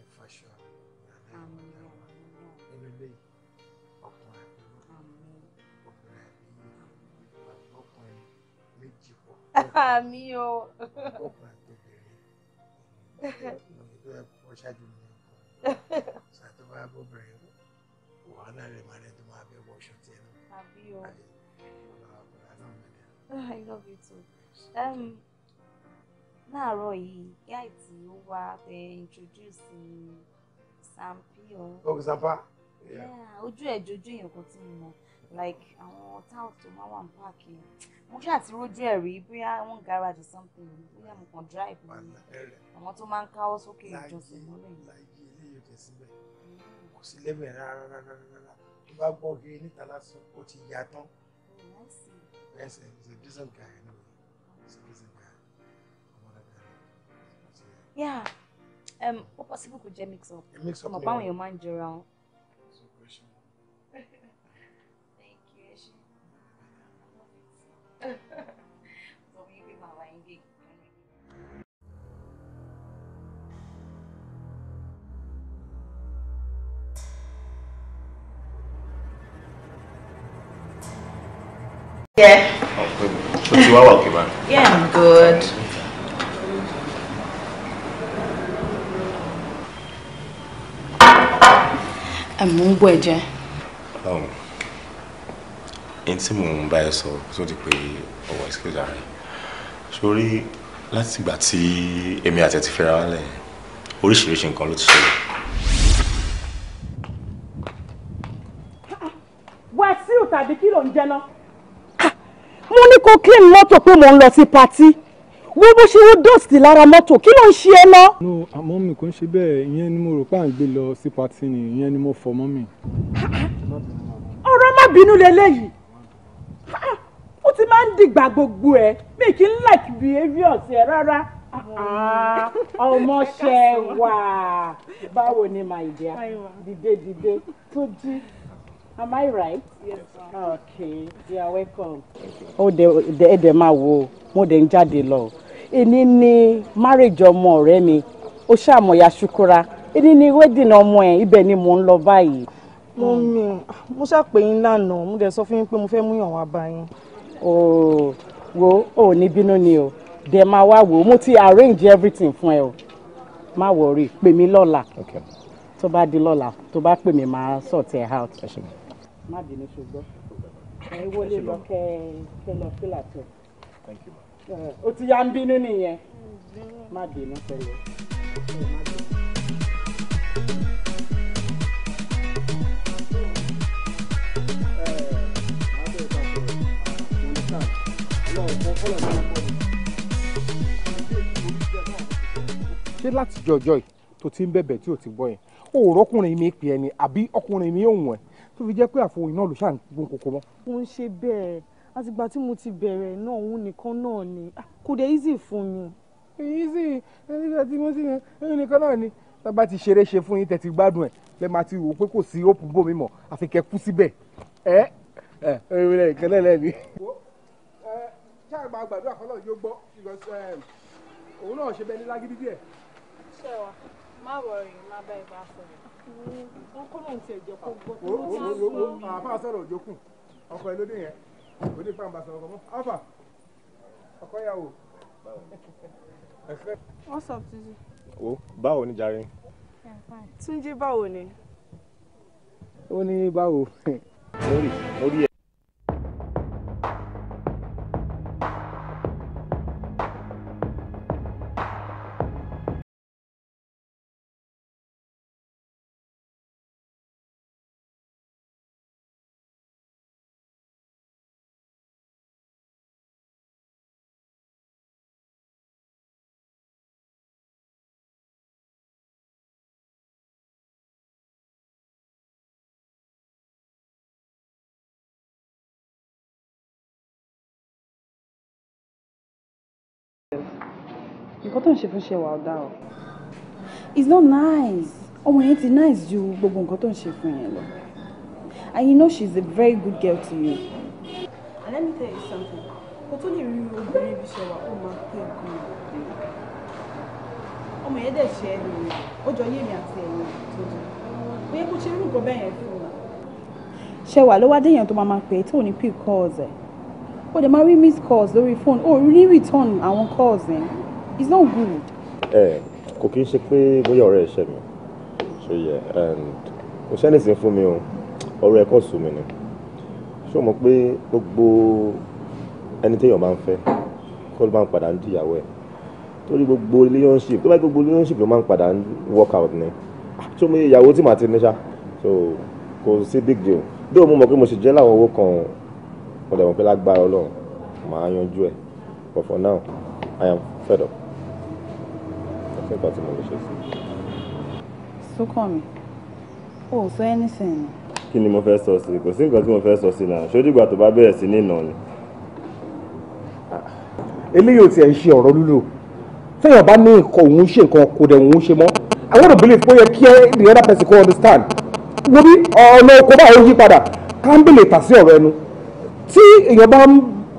àmì o. wàhálà rẹ̀ máa rẹ̀ tó máa bẹ̀ wọṣọ tiẹ̀ náà. àbí o. I love you too. Um, láàárọ̀ Roy, guy tí ó wá tẹ introduce Sampi o. Oh, Sampa. ojú ẹ̀ jojú èèyàn kan tí mo mọ̀ like àwọn tout tó máa wà ní páàkì mo ṣáà ti rójú ẹ̀ rí bóyá wọ́n garage something bóyá mo kàn drive ní àwọn tó máa ń káwọ́ sókè ìjọsìn mọ́lẹ̀. láyé eléyìí ò tẹ̀ síbẹ̀ kò sí lẹ́bẹ̀ rárá rárá rárá tó bá gbọ́ gé níta lásán ó ti yá tán. yes he's a decent guy anyway he's a decent guy ọmọ dada rẹ. yeah um ó possible kó jẹ́ mix up. mix up ni o. ọmọ báwọn èèyàn Yeah. fún Yeah. But you are okay, man. Yeah, I'm good. I'm um, n tí mò ń bá ẹ sọ tó di pé ọwọ́ ìsìkèjà rẹ sórí láti ìgbà tí èmi àti ẹ ti fẹ́ra wálẹ̀ oríṣiríṣi nǹkan ló ti sọ. wàsíù tàbí kí ló ń jẹ náà. mo ní kó clean mọ́tò pé mò ń lọ sí patí wo bó ṣe wó dọ́ọ̀sì lára mọ́tò kí ló ń ṣe é lọ. no àmọ́ mi kò ń ṣe bẹ́ẹ̀ ìyẹn ni mo rò pé à ń gbé lọ sí patí ni ìyẹn ni mo fọ mọ́ mi. ọ̀rọ̀ má bínú lélẹ́yìí ó ti máa ń dìgbà gbogbo ẹ mi kì í like behaviours ẹ rárá ah, ah. ọmọọṣẹ wà báwo ni my dear dìde dìde tó jí am i right yes okay you are welcome. ó dẹ ẹ dẹ máa wo mo dẹ ń jáde lọ èní ni marriage ọmọ ọ̀rẹ́ mi ó ṣàmọ̀yà ṣukura èní ni wedding ọmọ ẹ̀ ibẹ̀ ni mò ń lọ báyìí mo mi mo ṣàpè yín lánàá mo dẹ̀ sọ fún yín pé mo fẹ́ mú yàn wá bá yín. ooo wo ò ní bínú ni o dẹ̀ máa wá wò ó mo ti arrange everything fún ẹ o má wọrí pè mí lọ́la tó bá di lọ́la tó bá pè mí máa sort ẹ out. má bínú ṣùgbọ́n ẹ wọlé lọ kẹ kẹ lọ fílà tó o ti ya ń bínú nìyẹn má bínú pẹ̀lú. ṣé láti jọjọ yìí tó ti ń bẹ̀bẹ̀ tí ò ti gbọ́ yẹn òòrọ̀ ọkùnrin mi pè é ni àbí ọkùnrin mi ò wọ̀n ẹ́ tó fi jẹ́ pé àfọwọ́ iná ló ṣàn gbọ́n kókó mọ́. mo ń ṣe bẹ́ẹ̀ àtìgbà tí mo ti bẹ̀rẹ̀ náà òun nìkan náà ni kò dé easy fún mi. easy nígbà tí mo ti yàn òun nìkan náà ni tá a bá ti ṣeré ṣe fún yín tẹ́ ti gbádùn ẹ̀ lẹ́ máa ti wò pé kò sí òpùbọ̀ mi mọ̀ kú síbẹ̀ ẹ̀ ẹ̀ ẹ̀ ìrẹ̀lẹ̀ ìkẹ́lẹ́ lẹ́ni ṣáà máa gbàdúrà kọ́lọ̀ yóò gbọ́ um, òun náà ṣe bẹ́ẹ̀ ní lágídí díẹ̀. ṣé wa má wọrí má bá ẹ bá sọ̀rọ̀ kọ́ lóun ti ẹ̀jẹ̀ kó gbọ́ tó ti ń àfa sọ̀rọ̀ òjòkùn ọkọ ẹ lóde yẹn kò wọ́n sọ tuntun. wo báwo ni jàre. Túnjí báwo ni. ó ní báwo [laughs] lórí lórí ẹ. nǹkan tó ń ṣe fún ṣe wà ọ̀dà o it's not nice ọmọ yẹn ti nice ju gbogbo nǹkan tó ń ṣe fún yẹn lọ and you know she's a very good girl to you. and let me tell you something kò tó lè rí obìnrin ibi ṣe wà ó máa pẹ́ gan-an ọmọ yẹn dẹ̀ ṣe ẹ̀rù rẹ̀ ó jọ yémi àti ẹ̀yìn tó dùn bóyá kó ṣe irú nǹkan bẹ́ẹ̀ yẹn fún wa. ṣe wà ló wá déèyàn tó máa máa pè é tí ní pick calls ẹ̀ ó dẹ̀ máa rí missed calls lórí phone ó rí return àwọn calls yẹn it's not good. ẹ cooking kí n ṣe pé bóyá ọ̀rẹ́ ẹ̀ṣẹ̀ mi ṣe yẹ and kò sẹ́ni sí fún mi o ọ̀rọ̀ ẹ̀kọ́ sùn mi ni ṣé o mọ̀ pé gbogbo ẹni téèyàn máa ń fẹ́ kó ló máa ń padà ń dìyàwó ẹ̀ torí gbogbo relationship tó bá gbogbo relationship ló máa ń work out ni tó ah, mú ìyàwó tí màá ti ní ṣá so kò sí big deal Do mo mọ̀ pé mo ṣì jẹ́ láwọn owó kan mo dẹ̀ mọ̀ pé lágbára ọlọ́run màá yanjú ẹ̀ but for now I am fed up nípa tí me. lè ṣe sí. Súnkànmí o ò sọ anything ni. kí ni mo fẹ́ sọ sí kò sí nǹkan tí mo fẹ́ sọ sí náà ṣódìgbà tó bá bẹ̀rẹ̀ sí ní ìnà ni. eléyìí ò tiẹ̀ ń ṣe ọ̀rọ̀ lílo téèyàn bá ní nǹkan òun ṣe nǹkan I want to believe pé you yẹ the other person kò understand wo Oh no, oko bá yí padà kámbìlì tà sí ọ̀rọ̀ ẹnu tí èèyàn bá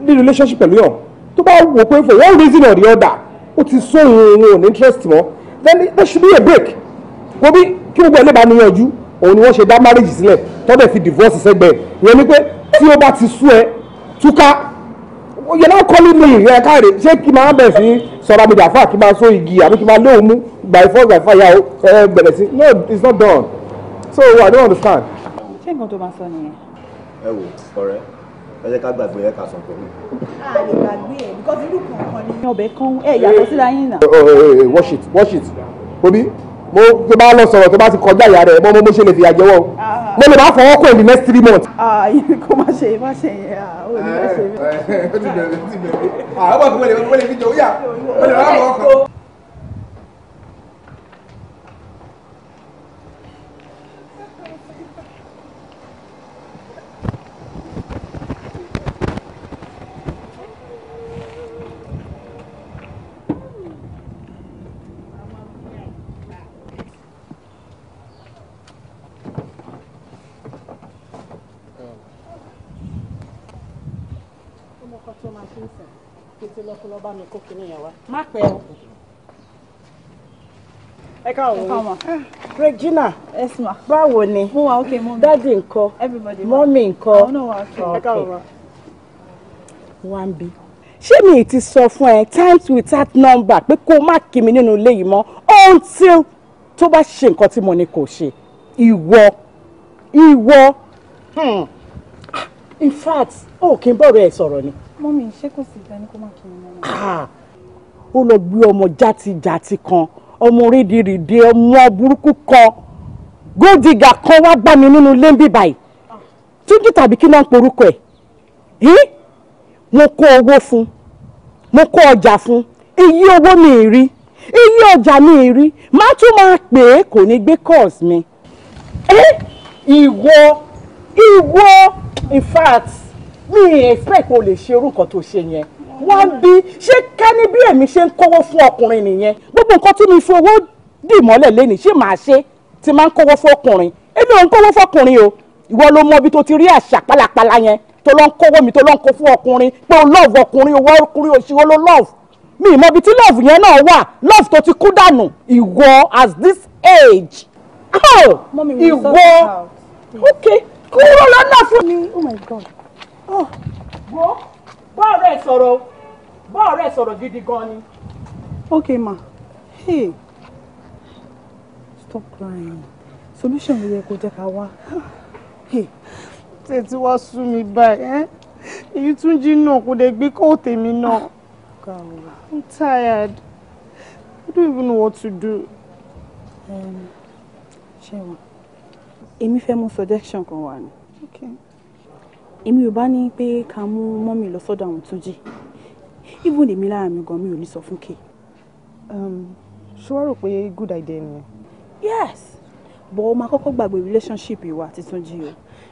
ní relationship pẹ̀lú yàn tó bá wò pé for one reason or the other ó ti so òun òun ò interest mọ́ then there should be a break kò bí kí gbogbo ẹ̀ lè bá níyànjú òun ni wọ́n ṣe dá marriage sílẹ̀ tọ́dẹ̀ fi divorce sẹ́gbẹ̀ yẹn ni pé tí ó bá ti sú ẹ túká yẹn náà kọ́lé mi ìrìn káàdì ṣé kí máa bẹ̀ sí sọ̀rọ̀ àmì jàfà kí máa so igi àbí kí máa lé òun mú by force by fire ẹ bẹ̀rẹ̀ sí no it's not done so I don't understand. ṣé nǹkan tó máa sọ nìyẹn. ẹ wò ọ̀rẹ́ ẹ jẹ́ ká gbàgbé ẹ ká sọ̀tọ̀ mi. a lè gbàgbé ẹ because irú kankan ni ọbẹ̀ kan ẹ yàtọ̀ síra yín náà. wash it wash it obi mo tó bá lọ sọ̀rọ̀ tó bá ti kọjá ìyá rẹ̀ mọ́ mo ṣe lè fìyà jẹ́wọ́ mo lè bá fọwọ́ kọ́ in the next three months. kó má ṣe má ṣe yẹn o ní má ṣe. ó ti bẹ̀rẹ̀ ó ti bẹ̀rẹ̀ àwọn ọmọ kò wọlé wọlé fi jọ ó yà ó lè bá fọwọ́ kọ́. tètè lọ kó lọ bá mi kó kinní yẹn wá má pẹ́ o. ẹ káwọn ọmọ Regina báwo ni dádì ńkọ́ mọ́mì ńkọ́ ẹ káwọn ọmọ. wá ṣé mi ti sọ fún ẹ times without number pé kó má kí mi nínú ilé yìí mọ́ until tó bá ṣe nǹkan tí mo ní kò ṣe ìwọ ìwọ hmm. in fact ó kì í bọ̀rọ̀ ẹ̀ sọ̀rọ̀ ni mọ́mí ṣé kò sì dání kó má kí ni mọ́mí. Ah, ó lọ gbé ọmọ játijàti kan ọmọ rédìrídì ọmọ burúkú kan gódìgà kan wá gbà mí nínú ilé ń bì báyìí túnjú tàbí kí náà ń porúkọ ẹ̀ mo kó owó fún mo kó ọjà fún iye owó mi rí iye ọjà mi rí má tún máa pè é kò ní gbé calls mi. ìwọ ìwọ in fact mi expect kó lè ṣe irú nǹkan tó ṣe yẹn wọ́n bí ṣé kẹ́ni bí èmi ṣe ń kówó fún ọkùnrin nìyẹn gbogbo nǹkan tí mi fi owó dì mọ́lẹ̀ lẹ́nìí ṣé màá ṣe ti máa ń kówó fọkùnrin èmi ò ń kówó fọkùnrin o ìwọ ló mọ ibi tó ti rí àṣà pálapàla yẹn tó lọ ń kówó mi tó lọ ń kó fún ọkùnrin pé o love ọkùnrin owó ọkùnrin òṣìwọ́ ló love mi ìmọ̀ ibi tí love yẹn náà wà love tó ti kú dànù ìwọ as this age ìwọ ok kúrò lọ́nà fún mi. Oh, wo bá ọ̀rẹ́ ẹ̀ sọ̀rọ̀ bá ọ̀rẹ́ ẹ̀ sọ̀rọ̀ gidi gan ni. ok ma hey stop crying solution ló yẹ kó jẹ́ ká wá. tètè wá sú mi báyìí eh? èyí tún jí náà kò lè gbé kó tèmi náà. Ah, I'm tired. I don't even know what to do. ṣé wọn èmi fẹ́ mú suggestion kan wá ni èmi ò bá ní pé ká mú mọ́mì lọ sọ́dọ̀ àwọn tó jì even èmi lára mi gan mi ò ní sọ fún kè. Um, ṣé wàá rò pé good idea nìyẹn. yes bọ̀ ọ máa kọ́kọ́ gbàgbé relationship ìwà àti Túnjí o.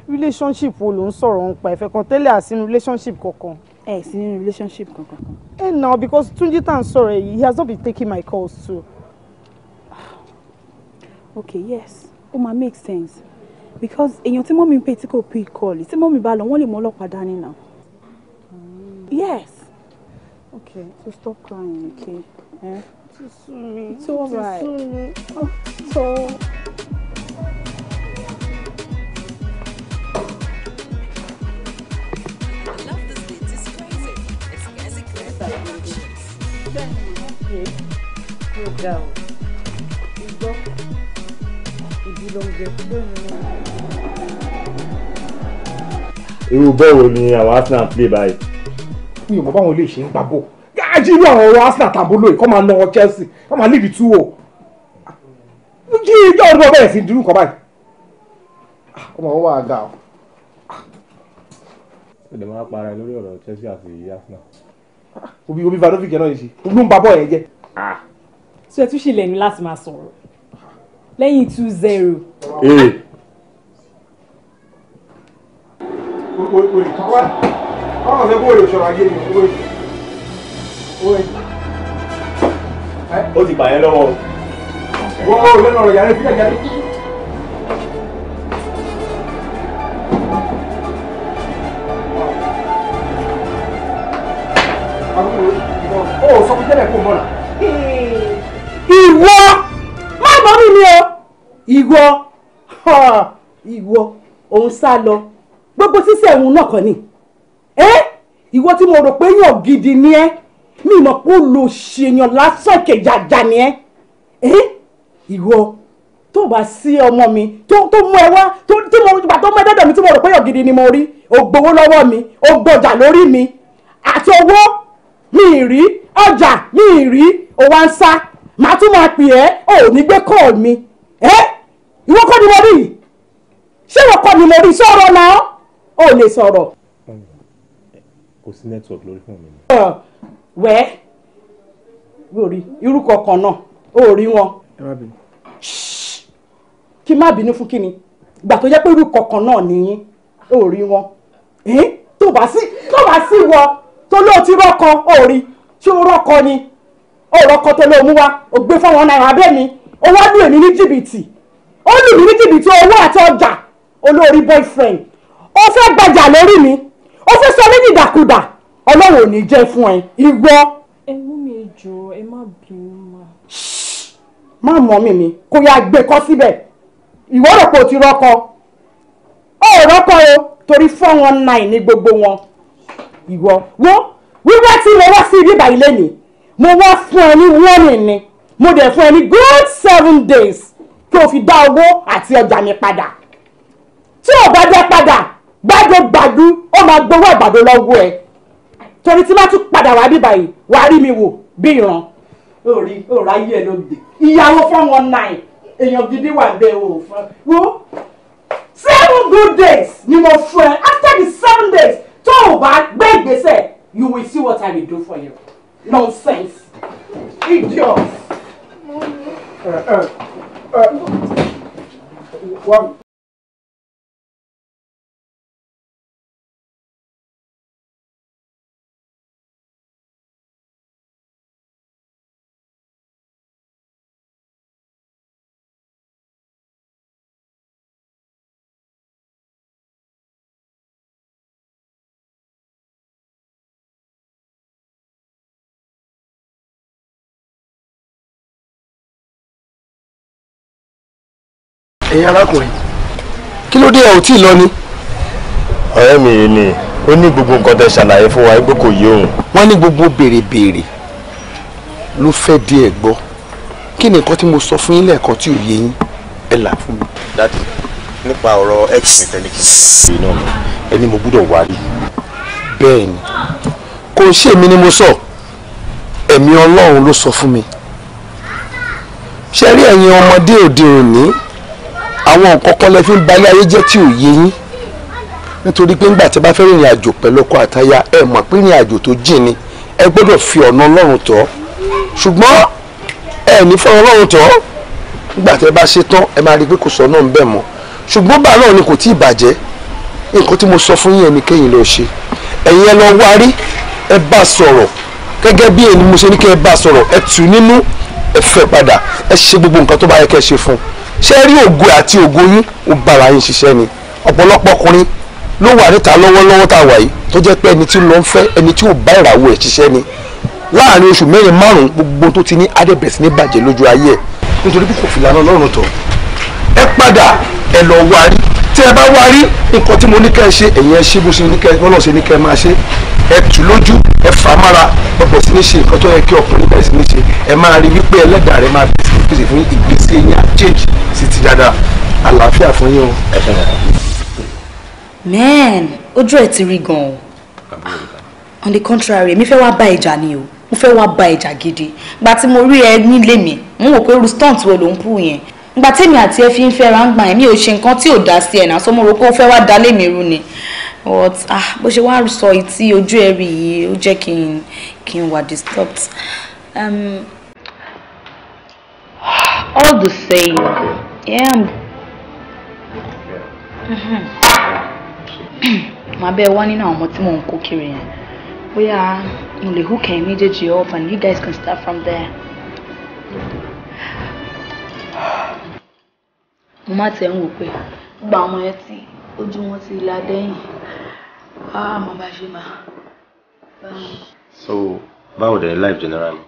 relationship wo ló ń sọ̀rọ̀ ń pa ìfẹ́ kan tẹ́lẹ̀ àsínú relationship kankan. ẹ sí nínú relationship kankan. ẹ nà because Túnjí tá à ń sọ̀rọ̀ yìí he has not been taking my calls too. [sighs] okay yes ó máa make sense because èèyàn tí mọ́mí ń pè tí kò pè kọ́ọ̀lì tí mọ́mí bá lọ wọ́n lè mú ọlọ́pàá dání náà. yes. okay so stop crying okay. Eh? ti sú mi ti sú mi. Oh, so. Good girl. You go gidi ló ń jẹ bẹ́ẹ̀ ni mo. irú bọ́ọ̀lù ni àwọn Arsenal play by. mi ò mọ báwọn lè ṣe ń gbà bò gáàjìrú àwọn ọ̀rọ̀ Arsenal tàbólò yìí kọ́ máa nà Chelsea kọ́ máa leave two o oh. jí ìjọ ọdún bẹ́ẹ̀ sí dúró nǹkan báyìí ah, ọmọ wọn wà ga o. ó lè máa para lórí ọ̀rọ̀ Chelsea àti Arsenal. Ah, obi obi Vadovic náà yìí ṣe olú ń ba bọ́ọ̀ yẹn jẹ́. ṣé ẹ tún ṣe lẹ́nu láti máa sọ̀rọ̀ lẹ́yìn two zero. olùkọ́ ọ̀rọ̀ ṣe bóyá òṣùwọ̀n ayé ni ó ti gbà yẹn lọ́wọ́. wọ́n ò lẹ́nu ọ̀rọ̀ yàrá ìpínlẹ̀ yàrá. ó sọ fún tẹ́lẹ̀ kó mọ́ra. ìwọ mọ́mí mi o ìwọ ìwọ òun sá lọ gbogbo sísẹ̀ òun náà kàn ní ẹ ìwọ tí mo rò pé yàn gidi ni ẹ mi mọ̀ pé ó lo ṣèyàn lásán kejàjà ni ẹ ẹ ìwọ tó bá sí ọmọ mi tó tó mú ẹ wá tó tí mo gbà tó mú ẹ dọ́dọ̀ mi tí mo rò pé ọ̀gidi ni mo rí o gbowó lọ́wọ́ mi o gbọjà lórí mi àti owó mi ì rí ọjà mi ì rí o wá ń sá màá tún máa pè ẹ́ ò ní gbé kọ́ mi ẹ́ ìwọ kọ́ ni mo rí ṣé ìwọ kọ́ ni mo rí sọ̀rọ̀ náà ò lè sọ̀rọ̀. kò sí network lórí fún mi. wẹ́ lórí irú kọ̀ọ̀kan náà ò rí wọn. kí má bínú fún kíni ìgbà tó jẹ́ pé irú kọ̀ọ̀kan náà nìyí ò rí wọn tó bá sí wọ tó lóò ti ò rí tí ó rọ́kọ ni ọ̀rọ̀ kan tó lóò mú wa ò gbé fáwọn náírà abẹ́ mi ó wá lù èmi ní jìbìtì ó lù mí ní jìbìtì owó àti ọjà olórí boyfriend ó fẹ́ gbajà lórí mi ó fẹ́ sọ mí dìdàkudà ọlọ́run ò ní jẹ́ fún ẹ ìwọ. ẹ mú mi jọ ẹ má bínú ma. má mọ mi mi kó yá gbé kọ́ síbẹ̀ ìwọ rò pé o ti rọ́kọ ó rọ́kọ o torí four one nine ní gbogbo wọn ìwọ wo wíwá tí mo wá sí ibi ìbàyí lẹ́nìí mo wá fún ẹ ní warning ni mo dẹ̀ fún ẹ ní good seven days kí o fi dá owó àti ọjà mi padà tí o bá dá padà gbàdúgbàdú ó máa gbowó ìbàdàn lọ́wọ́ ẹ torí tí bá tún padà wá bí báyìí wàá rí mi wò bí ìran. orí òòrùn ayé ẹ ló dé ìyàwó four one nine èèyàn gidi wà bẹ́ẹ̀ o fún wo seven good days ni mo fún ẹ after the seven days tó o bá gbé ìgbésẹ̀ you will see what I will do for you. Nonsense! Idiots! Uh, uh, uh, one. ẹ̀yin arákùnrin kí ló dé ẹ ò tí ì lọ ni. ọ̀rẹ́ mi yìí ni ó ní gbogbo nǹkan tẹ ṣàlàyé fún wa pé kò yé òun. wọ́n ní gbogbo bèrèbèrè ló fẹ́ di ẹ̀ gbọ́ kí ni nǹkan tí mo sọ fún yín lẹ́ẹ̀kan tí ò yé yín ẹ là fún mi. dadi nípa ọ̀rọ̀ x mi tẹ́lẹ̀ kí n ṣe náà mi ẹni mo gbúdọ̀ wá rí. bẹ́ẹ̀ ni kò ń ṣèmi ni mo sọ ẹ̀mí ọlọ́run ló sọ fún mi ṣe rí ẹ̀yin ọmọdé òde òní àwọn nǹkan kan lẹ fi ń balẹ̀ ayé jẹ́ tí ò yé yín nítorí pé ńgbà tí bá fẹ́ rìnrìn àjò pẹ̀lú ọkọ àtaya ẹ mọ̀ pé rìnrìn àjò tó jìn ni ẹ gbọ́dọ̀ fi ọ̀nà ọlọ́run tọ́ ṣùgbọ́n ẹ ní fọ́nà ọlọ́run tọ́ ńgbà tí ẹ bá ṣe tán ẹ máa rí i pé kò sọ náà ń bẹ̀ mọ́ ṣùgbọ́n bá náà ni kò tí ì bàjẹ́ nǹkan tí mo sọ fún yín ẹni kẹ́yìn lọ ṣe ẹ̀yin ẹ lọ wárí ẹ bá sọ̀rọ̀ gẹ́gẹ́ bí èyí mo ṣe ní kẹ́ ẹ bá sọ̀rọ̀ ẹ tù nínú ẹ fẹ́ padà ẹ ṣe gbogbo nǹkan tó bá yẹ kẹ́ ṣe fún un ṣé rí ògo àti ògo yín ó bára yín ṣiṣẹ́ ni ọ̀pọ̀lọpọ̀ ọkùnrin ló wà níta lọ́wọ́lọ́wọ́ tá a wà yìí tó jẹ́ pé ẹni tí ló fẹ́ ẹni tí ò bá ìràwọ̀ ẹ̀ ṣiṣẹ́ ni láàrin oṣù mẹ́rin márùn-ún gbogbo tó ti ní adébẹ̀sí ní bàjẹ́ lójú ayé ẹ̀ nítorí kò fìlànà Ọlọ́run tọ̀ ẹ padà ẹ lọ wá tí ẹ bá wá rí nǹkan tí mo ní kẹ́ ẹ ṣe ẹ̀yin ẹ ṣe bó ṣe ní kẹ́ ẹ lọ́nà ní kẹ́ ẹ máa ṣe ẹ tù lójú ẹ fà mára ẹ bẹ̀rẹ̀ sí ní ṣe nǹkan tó yẹ kí ọkùnrin bẹ̀rẹ̀ sí ní ṣe ẹ máa rí wípé ẹlẹ́dàá rẹ máa bẹ̀rẹ̀ sí ní fún ìgbésí ẹ̀yin àjèjì sí ti dáadáa àlàáfíà fún yín o. man ojú ẹ ti rí gan o on the contrary èmi fẹ́ wá bá ìjà ni o mo fẹ́ wá bá ìjà gidi gba tí mo rí ẹ nílé mi mo wò pé rustand wo ló ń pù yẹn ìgbà tèmi àti ẹ fi ń fẹ́ra ń gbà mi ò ṣe nǹkan tí ò dá sí ẹ̀ náà sọ mo rò pé ó fẹ́ wá dá lèmi rú ni but ah bó ṣe wá sọ ìtì ojú ẹ rí yìí ó jẹ́ kí n kí n wà disturbed. Um, all the same okay. yeah. [coughs] màá bẹ́ẹ̀ wá nínú àwọn ọmọ tí mò ń kó kiri yẹn bóyá mo lè hook ẹ̀yin méjèèjì up and you guys can start from there mo má tẹ̀ ń wò pé gbogbo àwọn yẹn tí ojú wọn ti la dẹ́yìn á mọ bá ṣe máa. so báwo dẹ̀ life generally.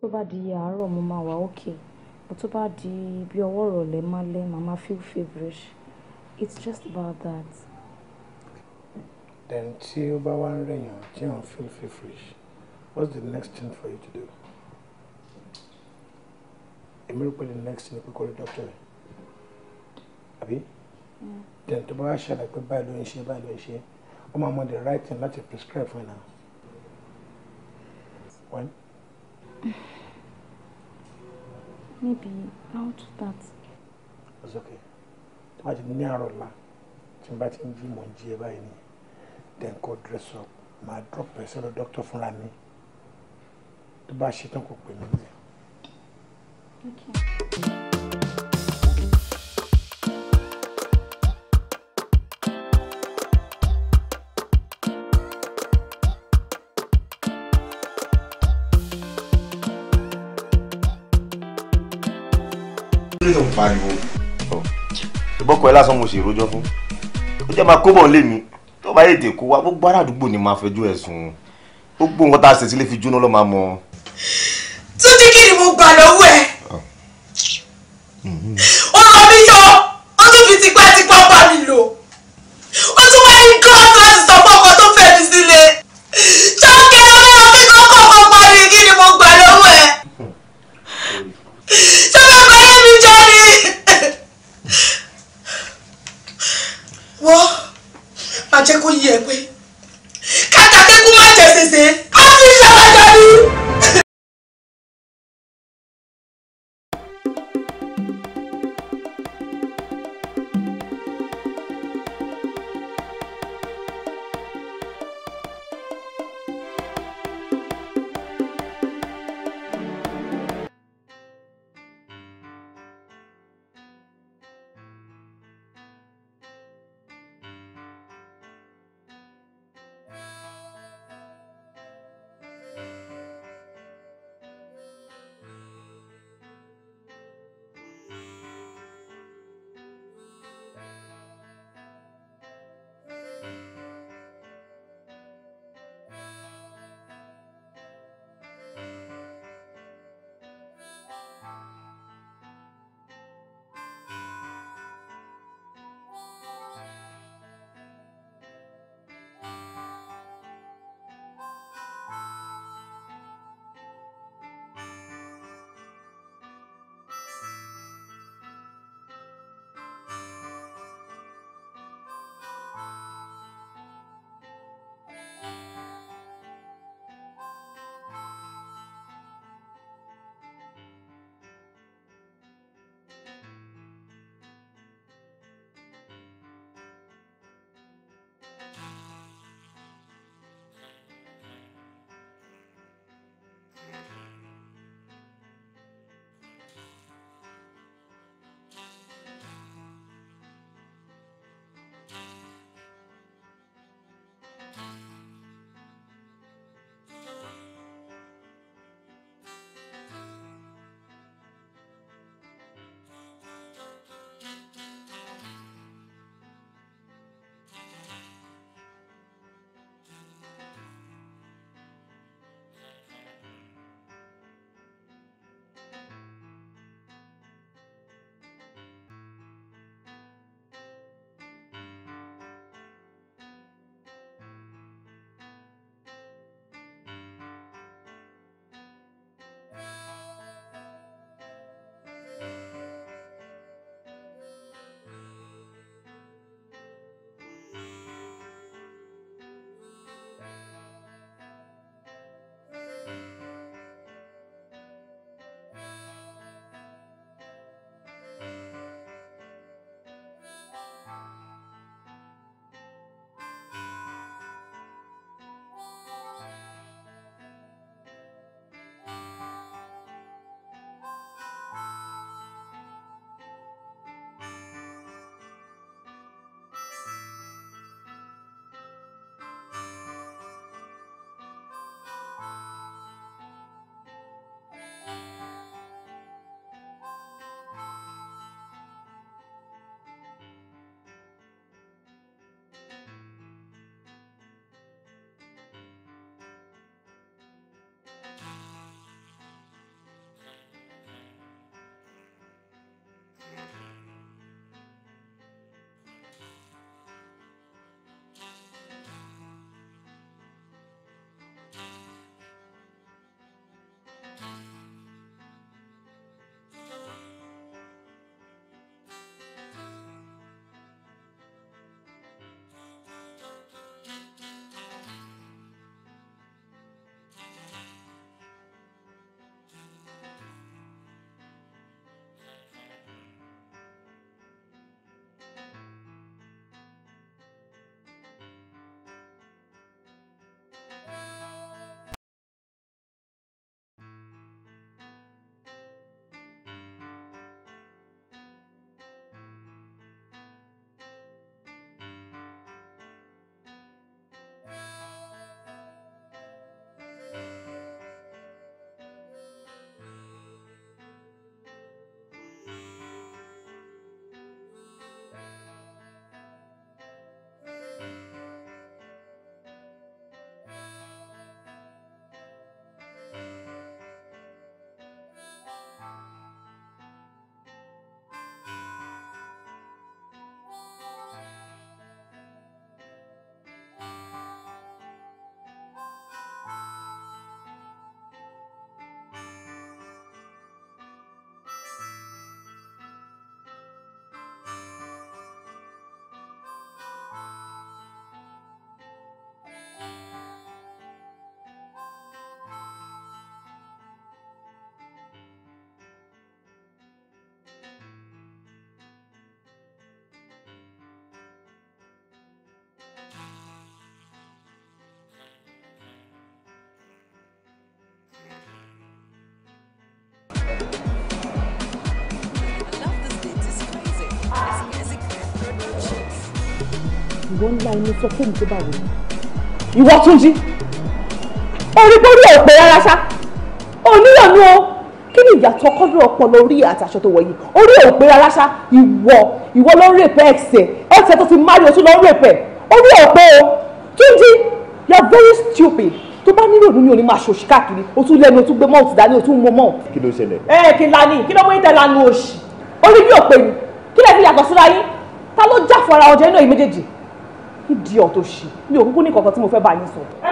Tó bá di àárọ̀ mo máa wà okay, but tó bá di bí ọwọ́ ìrọ̀lẹ́ málẹ́ màá ma feel feverish. It's just about that. Then tí ó bá wá ń rẹ̀ yàn tí èèyàn feel feverish, what's the next thing for you to do? Èmi rò pé the next thing ni pé kó rí doctor rẹ̀, àbí? Then tó bá wá ṣàlàyé pé báyìí ló ń ṣe báyìí ló ń ṣe, ó máa mọ the right thing láti prescribe fún ẹ now. One. Maybe I'll do that. It's okay. Tí wọ́n ti ní àárọ̀ la, tí n bá ti Then go dress up. My drop person, the doctor fúnra mi. Tó bá ṣetán kò pè mí nílẹ̀. Okay. kí ló ń pariwo. ìbọ́kọ̀ ẹ lásán mo ṣe ìrójọ́ fún ó jẹ́ máa kóbọ̀ lé mi tó bá yèdè kó wa gbogbo ará àdúgbò ni máa fẹjọ́ ẹ̀sùn gbogbo nǹkan tá a ṣe sílé fi jóná lọ́ máa mọ. tún ti kí ni mo gbà lọ́wọ́ ẹ Thank you. Thank you. ìwọ ńlá ẹni sọ fún mi tó bá wù mí. ìwọ tún jí orí borí ọ̀pẹ rárá ṣá oníyànú o kí ni ìyàtọ̀ kọ́dún ọpọlọ orí àtàṣọ tó wọ̀ yìí orí ọ̀pẹ rárá ṣá ìwọ ìwọ ló ń rèpẹ́ ẹ̀sẹ̀ ẹ̀sẹ̀ tó ti máa rí o tún lọ ń rèpẹ́ orí ẹ̀ pé o Túnjí you are very stupid tó bá nílò ní òní máa ṣòṣì káàkiri o tún lẹ́nu o tún gbé mọ́ọ̀tì dání o tún mọ́ mọ́ọ̀tì. kí ló ṣẹlẹ̀. ẹ kí lani kí ló mú ìtẹ̀ lanu òṣì orí mi ò pè mí kí lẹ́ẹ̀kì yàtọ̀ síra yín ta ló jà ara ọjà inú ẹ̀yìn méjèèjì kí di ọ̀tọ̀ ṣì mi ò kúkú ní kankan tí mo fẹ́ bá yín sọ.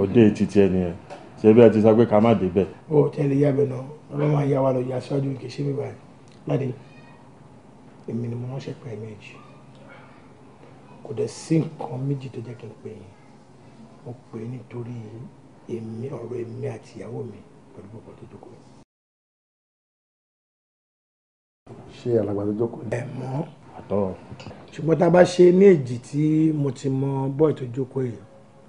òde títí ẹ nìyẹn ṣé bí ẹ ti sọ pé ká má débẹ̀. ó tẹ́lẹ̀ yá bẹ̀ náà ọlọ́run máa yá wa lọ yà sọ́jú kì í ṣe mi báyìí láti èmi ni mo ránṣẹ́ pé ẹ̀mẹ́jì kò dẹ̀ sí nǹkan méjì tó jẹ́ kí n pè yín mo pè é nítorí èmi ọ̀rọ̀ èmi àti ìyàwó mi pẹ̀lú gbogbo tó jókòó. ṣé alàgbà tó jókòó. ẹ mọ̀. ṣùgbọ́n tá a bá ṣe ní èjì tí mo ti mọ bọ́ọ̀ tó jókòó yìí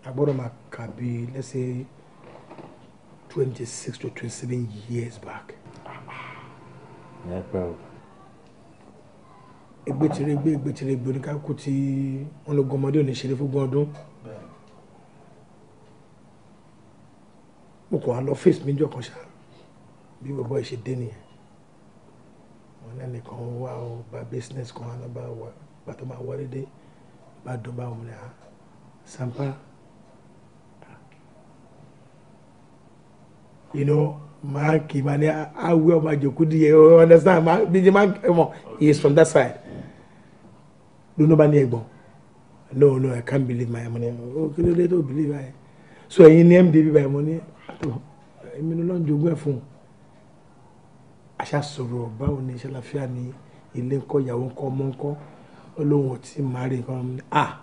agbọ́dọ̀ máa kà bí let's say twenty six to twenty seven years back. ẹ pẹ́ o. ẹgbẹ́tìrẹ́gbé ẹgbẹ́tìrẹ́gbé oníkàkú tí wọ́n lọ gọmọdé òní ṣeré fógún ọdún. mo kàn á lọ face mi jọ kan ṣáà bí bàbá ẹ ṣe dé nìyẹn wọn náà nìkan wá o bá business kan wá lọ bá wà bàtọ́ máa wọlé dé bá dùn bá wọn ní à ah, you know Mark Mane Awe Majokudi you understand Mark DJ Mark Emo he is from that side do no bani egbo no no I can't believe my money oh kí ló dé tó believe I so ẹ̀yin ni MDB by money èmi ló ń jogún ẹ̀ fún àṣà sọ̀rọ̀ báwo ni iṣẹ́ láfíà ni ilé ńkọ́ ìyàwó ńkọ́ ọmọ ńkọ́ olóhùn ọtí màá rí nǹkan ah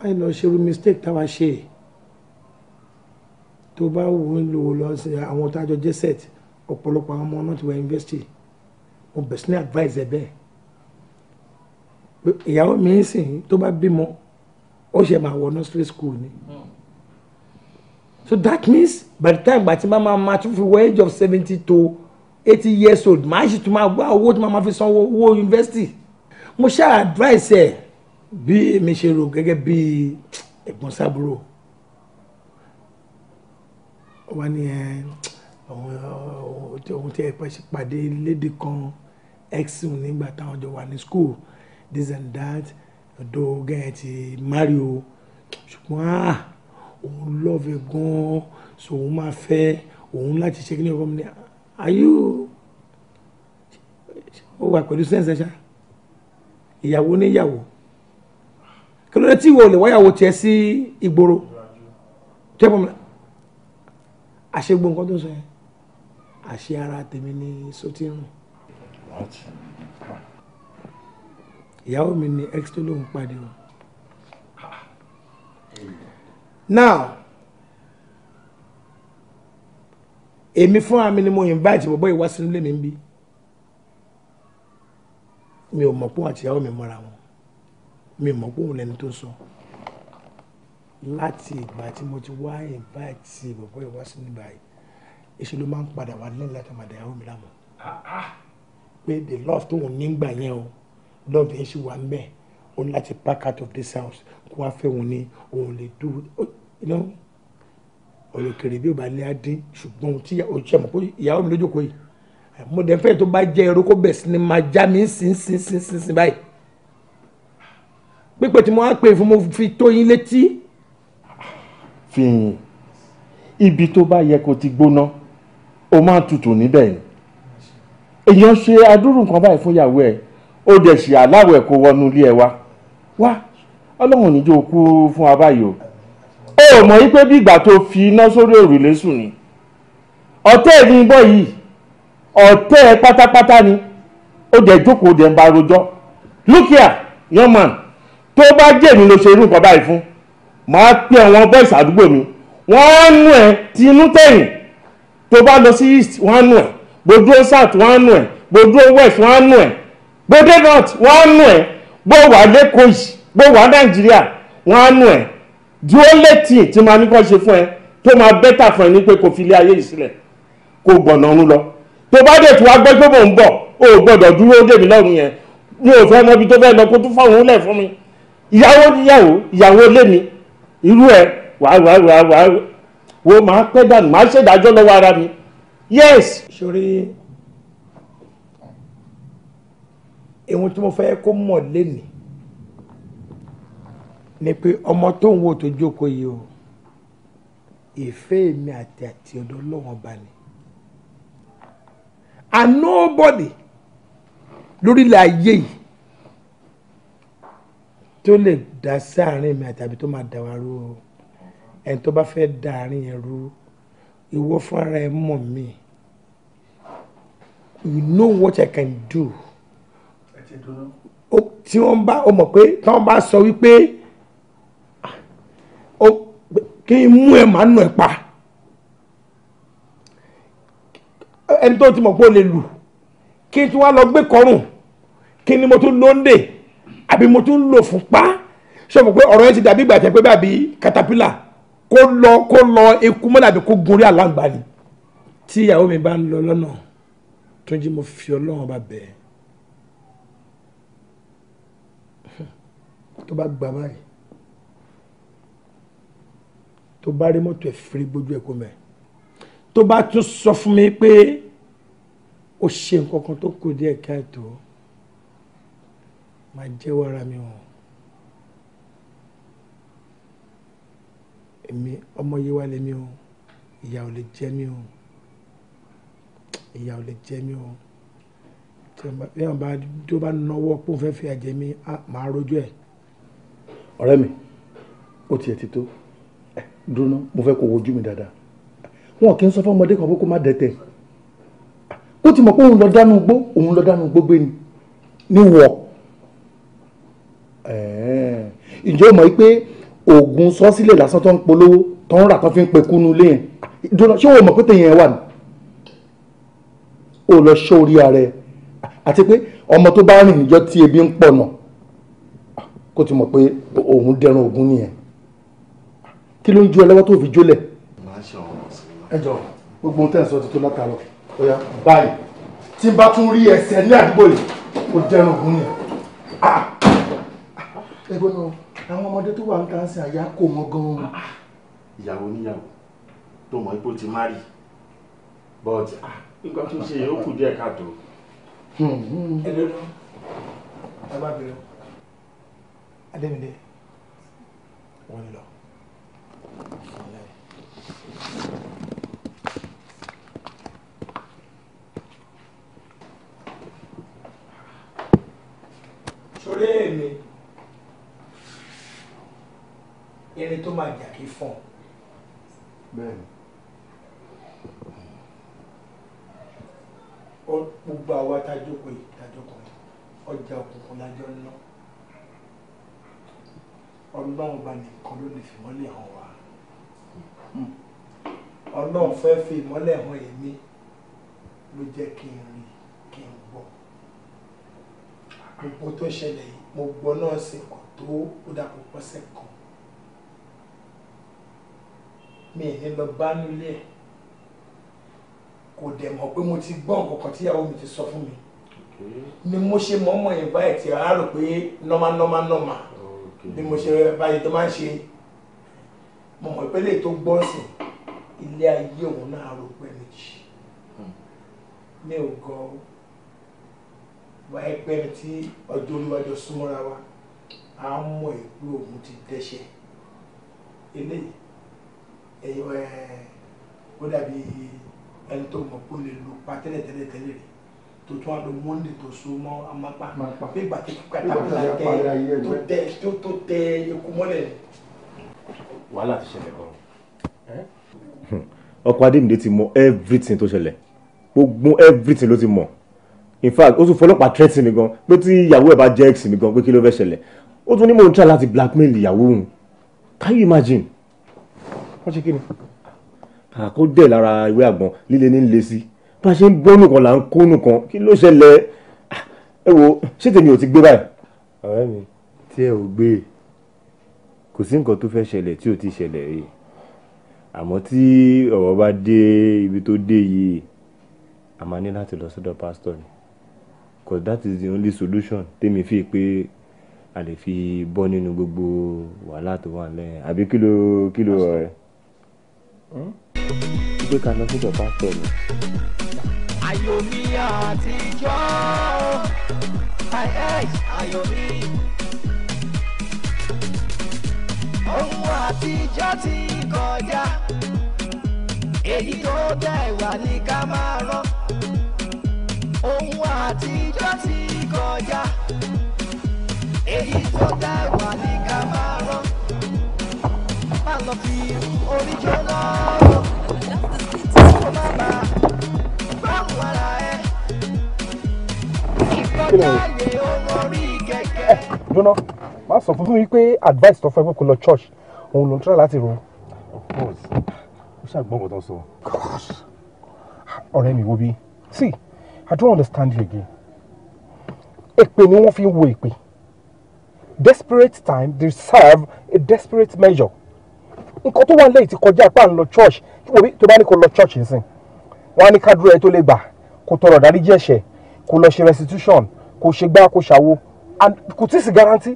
báyìí lọ ṣerú mistake táwa ṣe é tó bá wò ń lò lọ sí àwọn tájọ jẹ́sẹ̀t ọ̀pọ̀lọpọ̀ àwọn ọmọ náà ti wá yunifásitì mo bẹ̀ ní advice ẹ̀ bẹ́ẹ̀ ìyàwó mi ń sìn tó bá bímọ ó ṣe máa wọ nursery school ni so that means by the time gbàtí máa máa máa tún fi wọ age of seventy to eighty years old máa ṣì tún máa wá owó tó máa máa fi sanwó owó yunifásitì mo ṣe advice ẹ̀ bí èmi ṣe rò gẹ́gẹ́ bí ẹ̀gbọ́n sábúrò ó wá ní ẹ ohun tí ẹ pàdé léde kan exun nígbà táwọn jọ wà ní school this and that ọ̀dọ̀ gẹ́yìn ti marry o ṣùgbọ́n ah òun love ẹ gan-an so òun máa fẹ́ òun láti ṣe kíní ọkọ mi ní are you ó wà pẹ̀lú sense ẹ̀ ṣá ìyàwó níyàwó kí ló dé tí ìwọ ò lè wáyàwó tiẹ̀ sí ìgboro tẹ́pọ̀ mi náà àṣegbó nǹkan tó ń sọ yẹn àṣe ara tèmi ní sotírùn. ìyàwó mi ni ex tó pàdé o. now èmi fúnra mi ni mo invite bọ̀bọ́ ìwá sínú lèmi ń bí mi ò mọ̀ pé òun àti ìyàwó mi mọ́ra wọn mi ò mọ̀ pé òun lẹni tó sọ. So láti ìgbà tí mo ti wá ìnváìtì bọ̀bọ̀ ìwá sí nígbà yìí èṣù ló máa ń padà wá lẹ́yìn láti máa dàyàwó mi láàmú. pé the love tó wọn nígbà yẹn o love yẹn ṣì wà ń bẹ̀ o ní láti pack out of this house kó wá fẹ́ wọn ni òun lè dúró ọ̀rọ̀ kèrè bí o bá lé adé ṣùgbọ́n tí o ṣe mọ̀ pé ìyàwó mi lójókòó yìí mo dẹ̀ fẹ́ tó bá jẹ́ ẹrú kó bẹ̀ sí ni máa já mi sí sí sí sí báyìí pípẹ́ tí mo wá pè fún mo fi tó yín létí fi hìn ibi tó bá yẹ kó ti gbóná ó máa tutù níbẹ̀ ni èèyàn ṣe adúrú nǹkan báyìí fún ìyàwó ẹ̀ ó dẹ̀ ṣì aláwọ̀ ẹ̀ kó wọnú ilé ẹ̀ wá wá ọlọ́run níjó kú fún wa o ó mọ̀ yí pé bí ìgbà tó fi iná sórí òrùlé sùn ni ọ̀tẹ́ ẹ̀ ní bọ́ yìí ọ̀tẹ́ ẹ̀ pátápátá ni ó dẹ̀ jókòó dẹ̀ ń ba rojọ́ look here young man tó bá jẹ́ mi ló ṣe irú nǹkan báyìí fún máa pe àwọn boys àdúgbò mi wọ́n á nù ẹ̀ tí inú tẹ̀yìn tó bá lọ sí east wọ́n á nù ẹ̀ gbogbo south wọ́n á nù ẹ̀ gbogbo west wọ́n á nù ẹ̀ gbogbo north wọ́n á nù ẹ̀ bó wà lẹ́kọ̀ọ́ yìí bó wà nàìjíríà wọ́n á nù ẹ̀ dúró létí tí màá ní kó ṣe fún ẹ tó máa bẹ́tà fún ẹ ní pé kò fi ilé ayé yìí sílẹ̀ kò gbọ̀nà ọ̀run lọ tó bá dẹ̀ tí wàá gbẹ́ pé mò ń bọ̀ o gbọ́dọ̀ dúró dèmi lọ́rùn yẹn mi ò fẹ́ mọ ibi tó fẹ́ lọ kó tún fáwọn olè fún mi ìyàwó níyàwó ìyàwó lé mi irú ẹ wàá wàá wàá wàá wo màá pẹ́ dànù màá ṣèdájọ́ lọ́wọ́ ara mi yes. sori ohun tí mo fẹ́ kó mọ̀ lénìí ni pé ọmọ tó ń wò tó jókòó yìí o ìfẹ́ mi àti àti ọ̀dọ̀ Ọlọ́run ọba ni and nobody lórílẹ̀ ayé yìí tó lè dá sí àárín mi àtàbí tó máa dà wá rú o ẹni tó bá fẹ́ dá àárín yẹn rú ìwọ fúnra ẹ mọ̀ mí you know what I can do tí wọ́n bá o mọ̀ pé tí wọ́n bá sọ wípé ah, kí n mú ẹ màá nù ẹ pa ẹni tó ti mọ̀ pé o lè lù kí n tún wá lọ gbé kọrùn kí ni mo tún lóńdè àbí mo tún lò fún pa ṣé mo pé ọ̀rọ̀ yẹn ti dàbí ìgbà tẹ́ pé bàbí katapila kó lọ kó lọ eku mọ́ dàbí kó gun orí àláǹgbá ni tí ìyàwó mi bá ń lọ lọ́nà tó ń jí mo fi ọlọ́run bá bẹ̀ẹ́ tó bá gbà báyìí tó bá rí mọ́tò ẹ̀ fèrè gbójú ẹ̀ kó mẹ́ tó bá tún sọ fún mi pé ó ṣe nǹkan kan tó kù díẹ̀ káàtó máa jẹ́wọ́ ara mi hàn èmi ọmọ Yewa lèmi o ìyà ò lè jẹ mí o ìyà ò lè jẹ mí o tí wọn bá tí ó bá náwó pò fẹ́ fi àjẹ mi máa rojọ́ ẹ̀. ọ̀rẹ́ mi ó tiẹ̀ ti tó dúró mo fẹ́ kó wojú mi dáadáa wọn kì í sọ fọmọdé kan pé kó má dẹ̀tẹ̀ ó ti mọ̀ pé òun lọ dánú gbó òun lọ dánú gbó gbé ni ni wọ̀ ǹjẹ́ o mọ̀ pé oògùn sọ́sílẹ̀ lásán tó ń polówó tó ń rà tó fi ń pekú nu lé yẹn ṣé o mọ̀ pé tèèyàn wà ní. o lọ ṣọ́ orí ara ẹ àti pé ọmọ tó bá rìn níjọ́ tí ebi ń pọ̀ náà kó ti mọ̀ pé òun dẹrùn oògùn nìyẹn kí ló ń ju ẹ lọ́wọ́ tó fi jólẹ̀. ẹ jọ gbogbo ohun tẹ́ ẹ̀ sọ ti tó látàárọ̀ ọ̀yà báyìí tí n bá tún rí ẹsẹ̀ ní àdúgbò yìí ó dẹrùn oògùn nìyẹn. Ah! ẹgbẹ́ náà àwọn ọmọdé tó wà ń ta ṣe àyà kò mọ gan-an. Ah, ah. ìyàwó níyàwó tó mọ ipò ti márì but ah, nǹkan tó ṣe ó kù díẹ̀ káàtó. Hmm, hmm. ẹ máa jà kí fọ́n. bẹ́ẹ̀ni. gbogbo àwa tá a jókòó yìí tá a jókòó yìí ọjà òkùnkùn lájọ ń lọ ọlọ́run bá nìkan ló lè fi mọ́lẹ̀ hàn wá ọlọ́run fẹ́ fi ìmọ́lẹ̀ hàn èmi ló jẹ́ kí n rí kí n gbọ́ gbogbo tó ṣẹlẹ̀ yìí mo gbọ́ náà sì kò tó ó dà púpọ̀ sẹ́kọ̀ọ́ mi ní lọ bá nílé ẹ̀ kò dẹ̀ mọ̀ pé mo ti gbọ́ nǹkan kan tíyàwó mi ti sọ fún mi ni mo ṣe mọ̀ọ́mọ̀ invite ara rò pé normal normal normal bí mo ṣe báyìí tó máa ń ṣe mo mọ̀ pé lè tó gbọ́ sìn ilé ayé òun náà rò pé méjì hmm. mi ò gan wá ẹgbẹ́ mi tí ọjọ́ olúwájọ súnmọ́ra wa á mọ̀ ìpé òun ti dẹ́ṣẹ̀ eléyìí ó dàbí ẹni tó mọ̀ kó lè lu pa tẹ́lẹ̀ tẹ́lẹ̀ tẹ́lẹ̀ rẹ̀ tó tún á lo monde tó so mọ́ amápa bí ìgbà tí kàtàkùnà tẹ tó tẹ eku mọ́lẹ̀ ni. wàhálà ti ṣẹlẹ̀ gan-an. ọkọ adéǹde ti mọ everything tó ṣẹlẹ̀ gbogbo everything ló ti mọ̀ in fact ó tún fọlọ́pàá tẹ́tì mi gan pé tí ìyàwó ẹ̀ bá jẹ́ ex mi gan pé kí ló fẹ́ ṣẹlẹ̀ ó tún ní mò ń try láti blackmail ìyàwó òun can you imagine wọ́n ṣe kí ni. àkó dẹ̀ lára ìwé àgbọn líle ní le sí bá a ṣe ń bọ́ nìkan là ń kó nìkan kí ló ṣẹlẹ̀ ẹ wo ṣé tèmi ò ti gbé báyìí. ọ̀rẹ́ mi tí ẹ ò gbé kò sí nǹkan tó fẹ́ ṣẹlẹ̀ tí ò ti ṣẹlẹ̀ rí àmọ́ tí ọ̀rọ̀ bá dé ibi tó dé yìí a máa ní láti lọ sọ́dọ̀ pásítọ̀ ni because that is the only solution tèmi fi pé a lè fi bọ́ nínú gbogbo wàhálà tó wà lẹ́yìn àbí kí ló kí ló ọ̀rẹ́ gbé kaná fún bàbá fẹ́mi. ayọ̀ mi àtijọ́ ayọ̀ mi. ohun àtijọ́ ti kọjá èyí tó dẹ̀ wà ní ká máa rán. ohun àtijọ́ ti kọjá èyí tó dẹ̀ wà ní ká máa rán má lọ fi orí jóná kó sọ fún mi pé advice tó fẹ́ pé kó lọ church òun ló ń tọ́ra láti rò. of course ó ṣàgbọ́n kò tó sọ. ọ̀rẹ́ mi wo bí see i don't understand you again èpè ni wọ́n fi ń wo èpè desperate time they serve a desperate measure nǹkan tó wà lẹ́yìn ti kọjá ipá ń church tó bá ní kó lọ church nsìn wọn á ní kádùrú ẹ tó lè gbà kó tọrọ dáríjì ẹ̀ṣẹ̀ kó lọ ṣe restitution kó ṣe gbá kó ṣàwo kò tí ì sì garanti.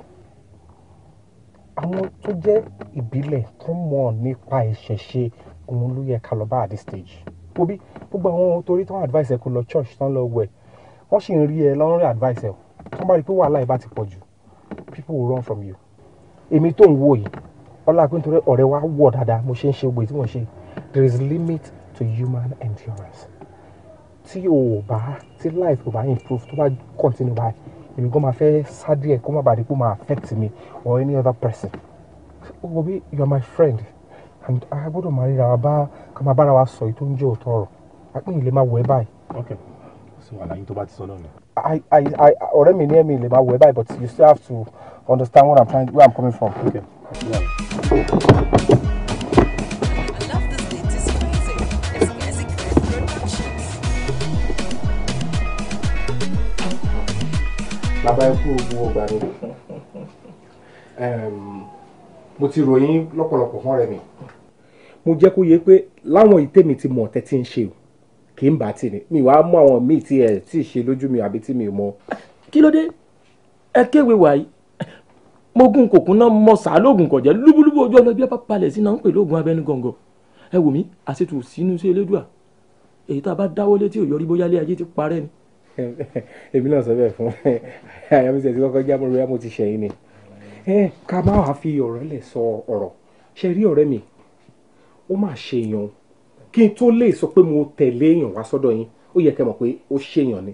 àwọn tó jẹ́ ìbílẹ̀ tó mọ̀ nípa ẹ̀ṣẹ̀ ṣe òun ló yẹ ká lọ bá at stage. obi gbogbo àwọn torí tó ń advice ẹ kó lọ church tán lọ wẹ̀ wọ́n sì ń rí ẹ lọ́rùn advice ẹ tó ń bá rí pé wàhálà ẹ bá ti pọ̀ jù people will run from you. èmi tó ń wò yìí ọlá pé nítorí wa wọ̀ dáadáa mo ṣe ń ṣe gbé tí mo ṣe there is limit to human endurance tí o ò bá tí life ò bá improve tó bá continue báyìí èmi gan máa fẹ́ sá díẹ̀ kó má bàa di pé máa affect me or any other person ó bí you are my friend and a gbọ́dọ̀ máa ríra wa bá ká máa bára wa sọ èyí tó ń jẹ́ òótọ́ ọ̀rọ̀ àpín ìlẹ̀ máa wọ̀ ẹ́ báyìí. ok so àlàyé tó bá ti sọ náà ni. I I I ọ̀rẹ́ mi ní ẹ̀mí ìlẹ̀ máa wọ̀ ẹ́ báyìí but you still have to understand where I'm trying where I'm coming from. Okay bàbá ẹ kú ogun ọgbà mi mo ti ròyìn lọ́pọ̀lọpọ̀ fún ọ̀rẹ́ mi mo jẹ́ kó yé pé láwọn ìtẹ́mi ti mọ̀ tẹ́tí ń ṣe o kì í bá tì ní mi wàá mú àwọn míì tí ẹ tí ì ṣe lójú mi àbí tí mi mọ̀. kí ló dé ẹ kéwèé wàyí mogun kòkun náà mọ sàálògùn kọjá lúbúlúbú ojú ọlọ́bí ẹbá palẹ̀ sí náà ń pè lóògùn abẹ́nú gọ̀ǹgọ̀ ẹ wò mí àṣetù sínú sí elédùà èyí tá a bá dáwọ́ létí ò yọrí bóyá lé ayé ti parẹ́ ni. [laughs] èmi náà sọ bẹ́ẹ̀ fún [laughs] àyà mi sì ti kọ́kọ́ já mo rí mo ti ṣẹ̀yìn ni ká má wàá fi ọ̀rọ̀ lẹ̀ sọ ọ̀rọ̀ ṣe rí ọ̀rẹ́ mi ó mà ṣe èèyàn kí n tó lè sọ pé mo tẹ̀lé èèyàn wá sọ́dọ̀ yín ó yẹ kẹ́ mọ̀ pé ó ṣèèyàn ni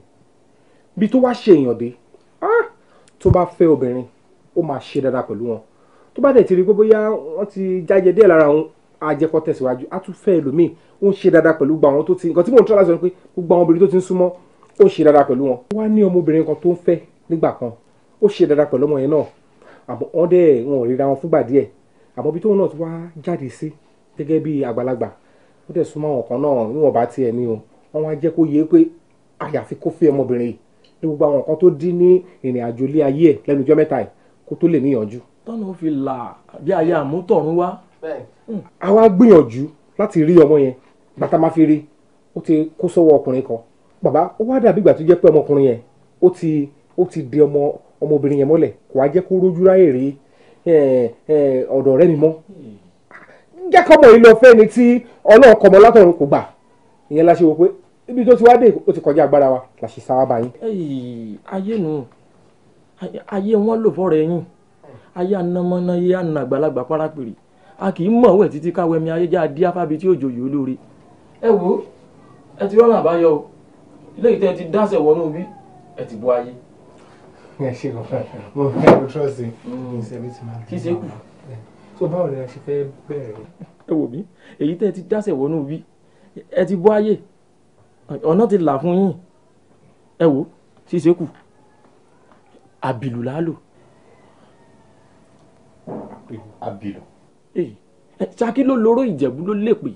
bí tó wá ṣèèyàn dé ah, tó bá fẹ́ obìnrin ó máa ṣe dáadáa pẹ̀lú wọn tó bá dẹ̀ ti rí pé bóyá wọ́n ti jájẹ díẹ̀ lára wọn àjẹkọ tẹ̀síwájú á tún fẹ́ ẹlòmíì ó ń ṣe dáadáa pẹ̀lú gbogbo àwọn tó ti nǹkan tí mò ń tọ́lá sọ ni pé gbogbo àwọn obìnrin tó ti ń súnmọ́ ó ń ṣe dáadáa pẹ̀lú wọn. wá ní ọmọbìnrin kan tó ń fẹ́ nígbà kan ó ṣe dáadáa pẹ̀lú ọmọ yẹn náà àmọ́ wọ́n dẹ̀ wọn ò ríra wọn fúngbà díẹ̀ àmọ́ bí tóun náà ti wá jáde sí gẹ́gẹ́ bí àgbàlagbà ó dẹ̀ súnmọ́ àwọn kan náà níwọ̀n bá tiẹ̀ ní o wọ́n wá jẹ́ kó yé pé àyàfi kó fẹ́ ọmọbìnrin yìí ní gbogbo àwọn kan tó dín ní ìrìn àjò ilé ayé ẹ̀ lẹ́nu ọjọ́ mẹ́ta yìí kó tó lè níyànjú tọ́nà fi là bí ayé àmútọ̀run wá. Hmm. a wá gbìyànjú láti rí ọmọ yẹn bàtà máa fi rí ó ti kó sọ́wọ́ ọkùnrin kan bàbá ó wá dàbí ìgbà tó jẹ́ pé ọmọkùnrin yẹn ó ti ó ti di ọmọ ọmọbìnrin yẹn mọ́lẹ̀ kò á jẹ́ kó rójú ráyè rí ọ̀dọ̀ ọ̀rẹ́ mi mọ́ jákọ́mọ̀ yìí lọ fẹ́ ni tí ọlọ́run kọmọ látọ̀run kò gbà ìyẹn la ṣe wò pé ibi tó ti wá dé ó ti kọjá agbára wa la ṣe sáwá báyìí. ayé nu ayé wọn lò fọ́rọ̀ ẹ̀yìn ayé anamọ́nà ayé anàgbàlagbà parapèrè a kì í mọ̀wé títí káwé mi ayé já adí afábi tí òjò yìí olóore. ẹ wo ẹ ti rọ́nà àbáyọ o ilé ìtẹ́ ti dáṣẹ̀ wọnú bí ẹ ti bọ́ ayé. ẹ ṣe kọ mo fẹ́ mo trọ́ọ̀sì mm. ìṣẹ̀lẹ̀ ti máa ń kí ṣe kù. tó báwo ni a ṣe fẹ́ bẹ̀rẹ̀. ẹ wò mí èyí tẹ́ ti dáṣẹ̀ wọnú bí ẹ ti bọ́ ayé ọ̀nà ti là fún yín ẹ wò ṣíṣe kù. Abilu Lalo, abilu, eh, eh, ṣákí ló lóró ìjẹ̀bú ló lépè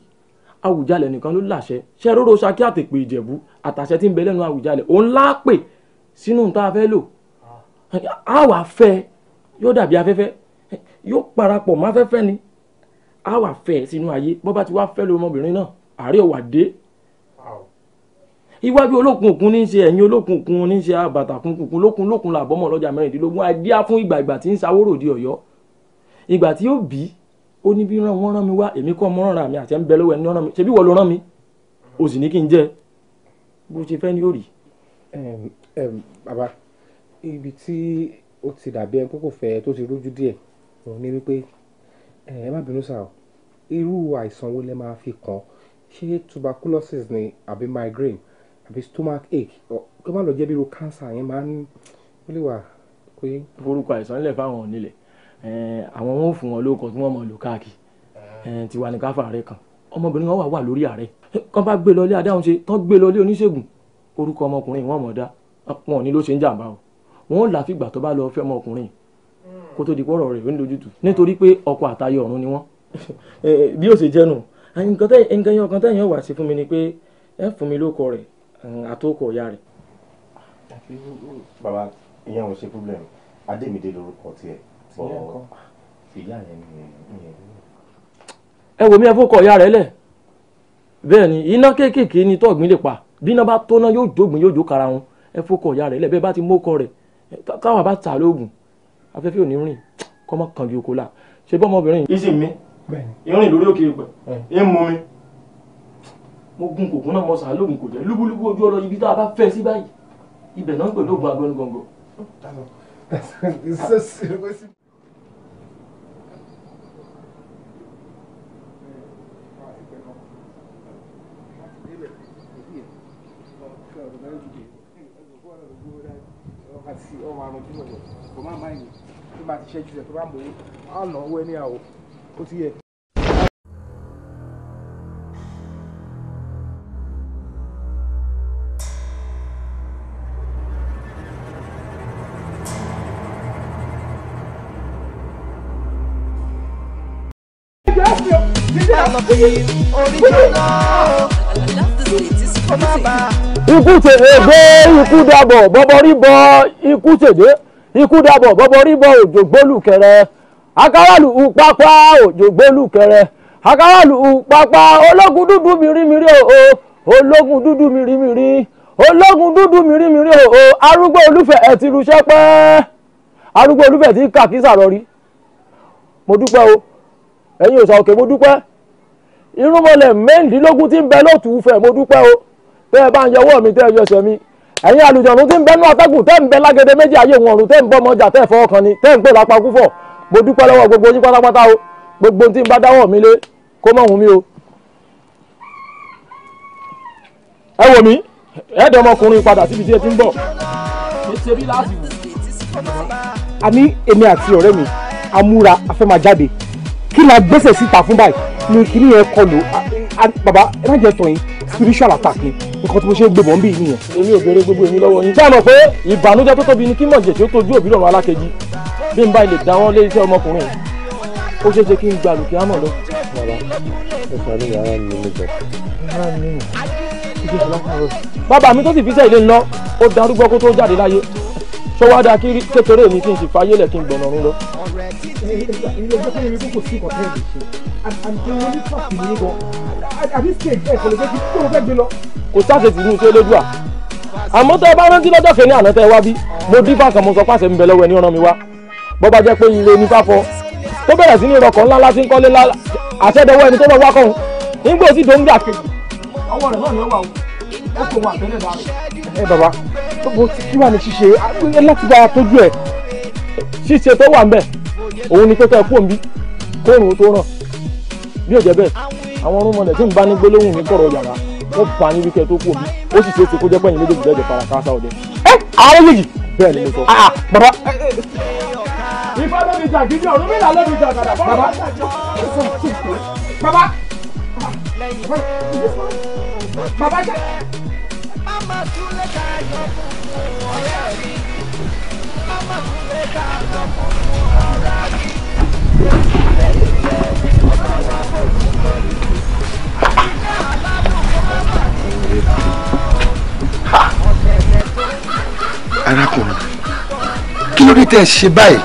àwùjalẹ̀ nìkan ló làṣẹ ṣe róró ṣákí àtẹ̀pè ìjẹ̀bú àtàṣẹ tí ń bẹ lẹ́nu àwùjalẹ̀ òun lápè sínú tá a fẹ́ lò á wà fẹ́ yóò dàbí afẹ́fẹ́ yóò parapọ̀ máfẹ́fẹ́ ni á wà fẹ́ sínú ayé bó bá ti wá fẹ́ lómọbìnrin náà àárẹ̀ wà dé iwájú olókun òkun ní í ṣe ẹ̀yìn olókun òkun ní í ṣe àbàtàkùn kùkùn lókun lókun làbọ́mọ̀ lọ́jà mẹ́rìndínlógún adíá fún ìgbà ìgbà tí ń sawórò di ọ̀yọ́ ìgbà tí ó bí ó ní bí wọ́n rán mi wá èmi kọ́ mọ́ rán mi àti ẹ̀ ń bẹ lọ́wọ́ ẹni rán mi ṣebí wọ́n ló rán mi o sì ní kí n jẹ bó ṣe fẹ́ ni ó rí. bàbá ibi tí ó ti dàbí ẹ kókò fẹ́ tó ti rújú díẹ̀ òun ni wípé ẹ má bínú sáà irú àìsàn wo lẹ máa fi kàn ṣé tuberculosis ni àbí migraine àbí stomach ache kó má lọ jẹ́ bírò cancer yẹn máa ń ó lè wà pé. forúkọ àìsàn ńlẹ̀ fáwọn onílẹ̀ àwọn wọn ò fún wọn lóko tí wọ́n mọ̀ lò káàkiri tiwa ní káfà rẹ̀ kan ọmọbìnrin wọn wà wà lórí ààrẹ kán bá gbé lọlé adáhùn ṣe tán gbé lọlé oníṣègùn orúkọ ọmọkùnrin wọn mọ̀ dá wọn ò ní ló ṣe ń jàǹbá o wọn ò láfìgbà tó bá lọ fẹ́ ọmọkùnrin hmm. kó tó di pọ́rọ̀ rẹ̀ ó ń lójútù nítorí pé ọkọ àtayọ ọ̀run ni wọ́n [laughs] bí ó ṣe jẹ́nu nǹkan tẹ́yìn ọkàn tẹ́yìn ọ̀wà sí fún mi ni pé ẹ fún mi lóko rẹ̀ àtòkọ ìyá rẹ̀. bàbá ìyá wọn ṣe problem adémídé lórúkọ tiẹ̀ bọ ìyá yẹn ni ẹ wò mí ẹ fọkọ ìyá rẹ̀ lẹ bẹ́ẹ̀ ni iná kéékèèké ni tọ̀gbìn lè pa bí iná bá tóná yóò jógbìn yóò jó kara wọn ẹ fọkọ ìyá rẹ̀ lẹ bẹ́ẹ̀ bá ti mọkọ rẹ̀ táwọn bá ta lóògùn afẹ́fẹ́ ò ní rìn kọ́mọ kàngi oko la ṣe bọ́ ọmọbìnrin yìí. ìsìn mi ìrìn lórí òkè ìpẹ́ ẹ̀ ń mú mi mo gun kòkún náà mo sàn lóògùn kò jẹ́ lúbúlúbú ojú ọlọ́ ibi tá a bá fẹ́ sí báyìí ibẹ̀ náà ń pè lóògùn agbẹnugọ̀ngọ̀. àti ọmọ àrùn tí mo lò kò má má yìí tó bá ti ṣẹ́jú rẹ̀ tó bá mọ̀ ọ́ àná owó ẹni àwọ̀ ó ti yẹ. ikú tèdè gbé ikú dàbọ̀ bọ́bọ́rí bọ ikú tèdè ikú dàbọ̀ bọ́bọ́rí bọ òjò gbólùkẹrẹ akáràlù pápá òjò gbólùkẹrẹ akáràlù pápá ológun dúdú mìírìmìírì o ológun dúdú mìírìmìírì ológun dúdú mìírìmìírì o arúgbó olúfẹ̀ ẹ̀ ti ruṣẹ́ pẹ́ arúgbó olúfẹ̀ ti kàkísà rọrí mo dúpẹ́ o ẹ̀yin ò sọ òkè mo dúpẹ́ irúnmọlẹ̀ mẹ́rìndínlógún tí ń bẹ lóòtú fẹ̀ mo dúpẹ́ o tẹ́ ẹ bá ń yọwọ́ mi tẹ́ ẹ yọsẹ̀ mi ẹ̀yin àlùjọ̀nù tí ń bẹ nú atẹ́gùn tẹ́ ń bẹ lágẹ̀dẹ̀ méjì ayé òun ọ̀run tẹ́ ń bọ́ ọmọjà tẹ́ ẹ fọwọ́ kan ni tẹ́ ń pè lápá púpọ̀ mo dúpẹ́ lọ́wọ́ gbogbo yín pátápátá o gbogbo tí ń bá dáwọ́ mi lé kó mọ̀ hùn mi o. ẹ wò mí ẹ̀ẹ́dẹ̀ ọmọkùnrin padà síbi tí ẹ ti ń bọ̀ àní èmi àti ọ̀rẹ́ mi amúra afẹ́ máa jáde kí la gbèsè síta fún ni kìnìún yẹn kọlù bàbá ẹ má jẹ sọ yín spiritual attack ni nǹkan tí mo ṣe gbébọn bíi nìyẹn. èmi ò béèrè gbogbo èmi lọ́wọ́ yín. sáà mọ̀ pé ìbànújẹ́ tó tóbi ni kí mọ̀jẹ̀ tí ó tójú òbí lọ́rùn alákejì bí n bá ilé dáwọ́ lé iṣẹ́ ọmọkùnrin ó ṣeé ṣe kí n gba àlùkí àmọ̀ lọ. bàbá ẹ sàánú yàrá mi ní jọ. ara mi nìyẹn ìdí ìṣẹ̀lá kan rẹ̀. bàbá mi tó sì fi iṣẹ́ ilé ńlọ ó darúgbó kó tó jáde láyé tó wá dáa kí kékeré mi kí n sì fayé lẹ̀ kí n gbọ̀nà ọ̀run lọ. ilé ìjọba yẹn kò sí ìkọ̀tẹ́ ìdíje àti orí pàtì yìí gan àbí stage ẹ̀ kọ̀lẹ́jẹ́ ti tó fẹ́ bá rántí lọ́jọ́ kẹ́ni àná wá bí mo dín fàkàn mo sọ pàṣẹ ń lọ́wọ́ ẹni ọ̀ràn mi wá bọ́ bá jẹ́ pé ilé ní fáfọ́ tó bẹ̀rẹ̀ sí ní ìrọ̀kọ̀ ńlá láti ń kọ́lé àṣẹ́dẹ̀wọ́ ẹni tó lọ wá kọ́hún nígbà tí tó gbà kejì ọwọ́ rẹ̀ náà ni ó wà ó kò wà tẹ́lẹ̀ dáa ẹ bàbá gbogbo kí wàá ní ṣíṣe láti dára tójú ẹ ṣíṣe tó wà ń bẹ òun ni pé kẹ́ ẹ kú òǹbí kóòrùn tó ràn bí ò jẹ́ bẹ́ẹ̀ àwọn ọrùn mọlẹ tí n bá ní gbólóhùn mi kọ̀rọ̀ yàrá wọn fà á ní wíkẹ tó kù mí ó sì ṣeéṣe kó jẹ́ pẹ̀yìn méjèèjì lẹjọ para káásá ọdẹ. ẹ àwọn méjì. bẹ́ẹ̀ ni mo sọ. Ah, ah, bàbá. ìfá ló fi jà gidi ọ̀run mélòó ló fi jà kàdà bọ́ bàbá. bàbá. bàbá jẹ́. mama kule ka yọ fún ọ̀rẹ́ mi mama kule ka yọ fún ọ̀rẹ́ mi arákùnrin kí ló dé tẹ́ ẹ ṣe báyìí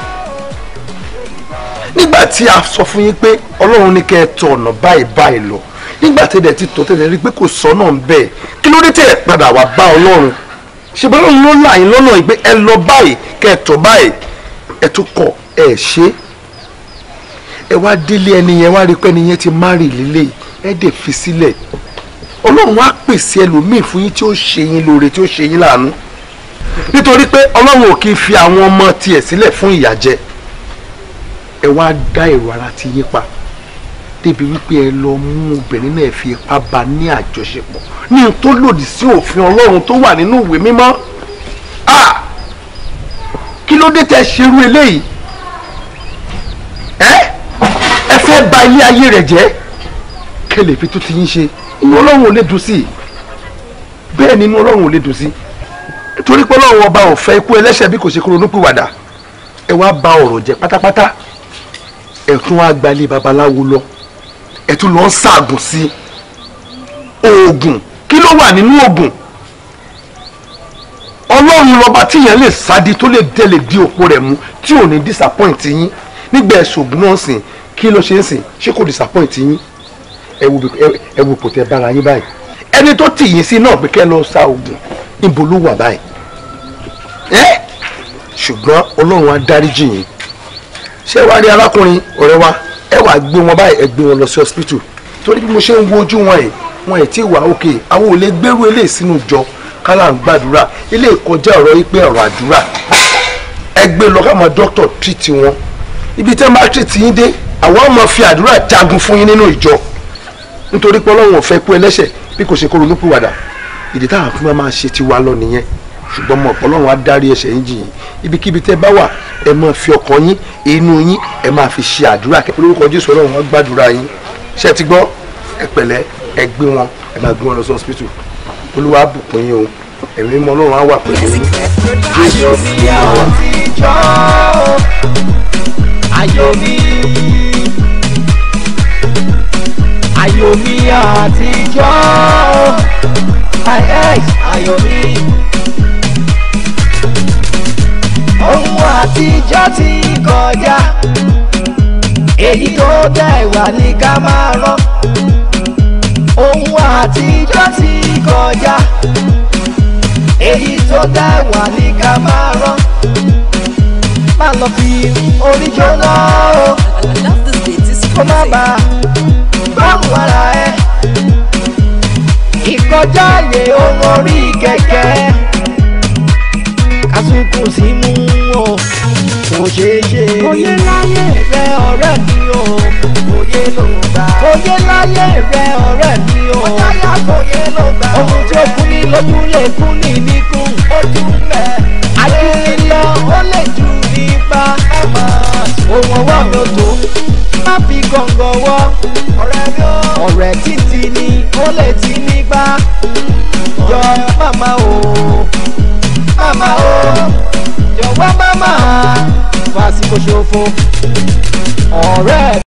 nígbà tí a sọ fún yín pé ọlọ́run ní kẹ́ ẹ tọ ọ̀nà báyìí báyìí lọ nígbà tẹ́lẹ̀ ti tọ́ tẹ́lẹ̀ rí pé kò sọ́nà ń bẹ̀ kí ló dé tẹ́ ẹ padà wá bá ọlọ́run ṣe bá ọlọ́run ló là yín lọ́nà yìí ẹ lọ báyìí kẹ́ ẹ tọ̀ báyìí ẹ tún kọ̀ ẹ ṣe é ẹ wá délé ẹni yẹn wá rí pé ẹni yẹn ti márì lílé ẹ dẹ̀ fi sílẹ̀ ọlọ́run á pèsè ẹlòmíì fún yín tí ó ṣe yín lóore tí ó ṣe yín láàánú nítorí pé ọlọ́run ò kì í fi àwọn ọmọ tiẹ̀ sílẹ̀ fún ìyà jẹ ẹ wá dá èrò ara ti yín pa débi wípé ẹ lọ mú obìnrin náà fi ipá bá ní àjọṣepọ̀ ní n tó lòdì sí òfin ọlọ́run tó wà nínú ìwé mímọ́ ah! kí ló dé tẹ ṣerú eléyìí ba ilé ayé rẹ̀ jẹ́ kẹlẹ̀ fi tún ti ń ṣe inú ọlọ́run ò lè dùn sí i bẹ́ẹ̀ ni inú ọlọ́run ò lè dùn sí i torí pé ọlọ́run ọba ò fẹ́ ikú ẹlẹ́ṣẹ̀ bí kò ṣe kúrò nípìwàdà ẹ wá ba ọ̀rọ̀ jẹ́ pátápátá ẹ tún wá gbalé babaláwo lọ ẹ tún lọ ń ṣàgùn sí oògùn kí ló wà nínú oògùn ọlọ́run lọ́ba tíyẹn lè sádi tó lè dẹ́lẹ̀ di òpó rẹ̀ mú tí ò ní disappoint yín nígbà ẹ̀sùn ògùn náà sìn kí ló ṣe é sìn ṣé kò disappoint yín ẹ wò kò tẹ bára yín báyìí ẹni tó tì yín sí náà pé kẹ́ lọ sa oògùn níbo ló wà báyìí ẹ ṣùgbọ́n ọlọ́run á dáríjì yín ṣé wàá rí arákùnrin ọ̀rẹ́ wa ẹ wàá gbé wọn báyìí ẹ gbé wọn lọ sí hospital torí bí mo ṣe ń wo ojú wọn yìí wọn ẹ̀ tí ì wà òkè àwọn ò lè gbẹ́rù eléyìí sínú jọ kálá ń gbàdúrà ilé ìkọjá ọ̀rọ̀ yìí pé ọ̀rọ̀ àdúrà ẹ gbé lọ káwọn dókítà treat wọn ibi tẹ́ máa treat yín dé àwa máa fi àdúrà jagun fún yín nínú ìjọ nítorí pé ọlọ́run ò fẹ́ kú ẹlẹ́ṣẹ̀ bí kò ṣe kó ronúpìwàdà ìdí táwọn fún wa máa ṣe ti wa lọ nìyẹn ṣùgbọ́n mọ̀ ọlọ́run á dárí ẹ̀ṣẹ̀ yín jì yín ibikíbi tẹ́ bá wà ẹ máa fi ọkàn yín inú yín ẹ máa fi ṣe àdúrà kẹ́ lórúkọ jésù ọlọ́run á gbàdúrà yín ṣe ti gbọ́ ẹ pẹ̀lẹ́ ẹ gbé wọn ẹ máa gbé wọn lọ sí hospital olúwa bùkún yín o ẹ̀mí mọ́ ọlọ́run á wà pẹ̀lú yín jésù ọ̀rọ̀. ayọ̀ mi ayọ̀ mi àtijọ́ ayọ̀ mi. ohun àtijọ́ ti kọjá èyí tó dẹ̀ wà ni ká máa rán ohun àtijọ́ ti kọjá èyí tó dẹ̀ wà ní ká máa rán má lọ fi orí jóná o kó má bàa bámu ara ẹ ìkọjá àyè ohun orí kẹ̀kẹ́ kásùkù sí mú o kò ṣeé ṣe oyè láyé rẹ ọ̀rẹ́ mi o oyè ló gbà oyè láyé rẹ ọ̀rẹ́ mi o ọ̀táyà kò yẹ ló gbà ohun tí ó kún ní lójú lè kún ní níkùn ojú mẹ́ ajú mi ó lè jù nípa ẹ̀ mọ́ ohun ọwọ́ mi ò tó má fi gọ̀ǹgọ̀ wọ ọ̀rẹ́ títí ni ó lè ti nígbà jọ màmá o màmá o jọ̀wọ́ màmá fàsìkò ṣòfò ọ̀rẹ́.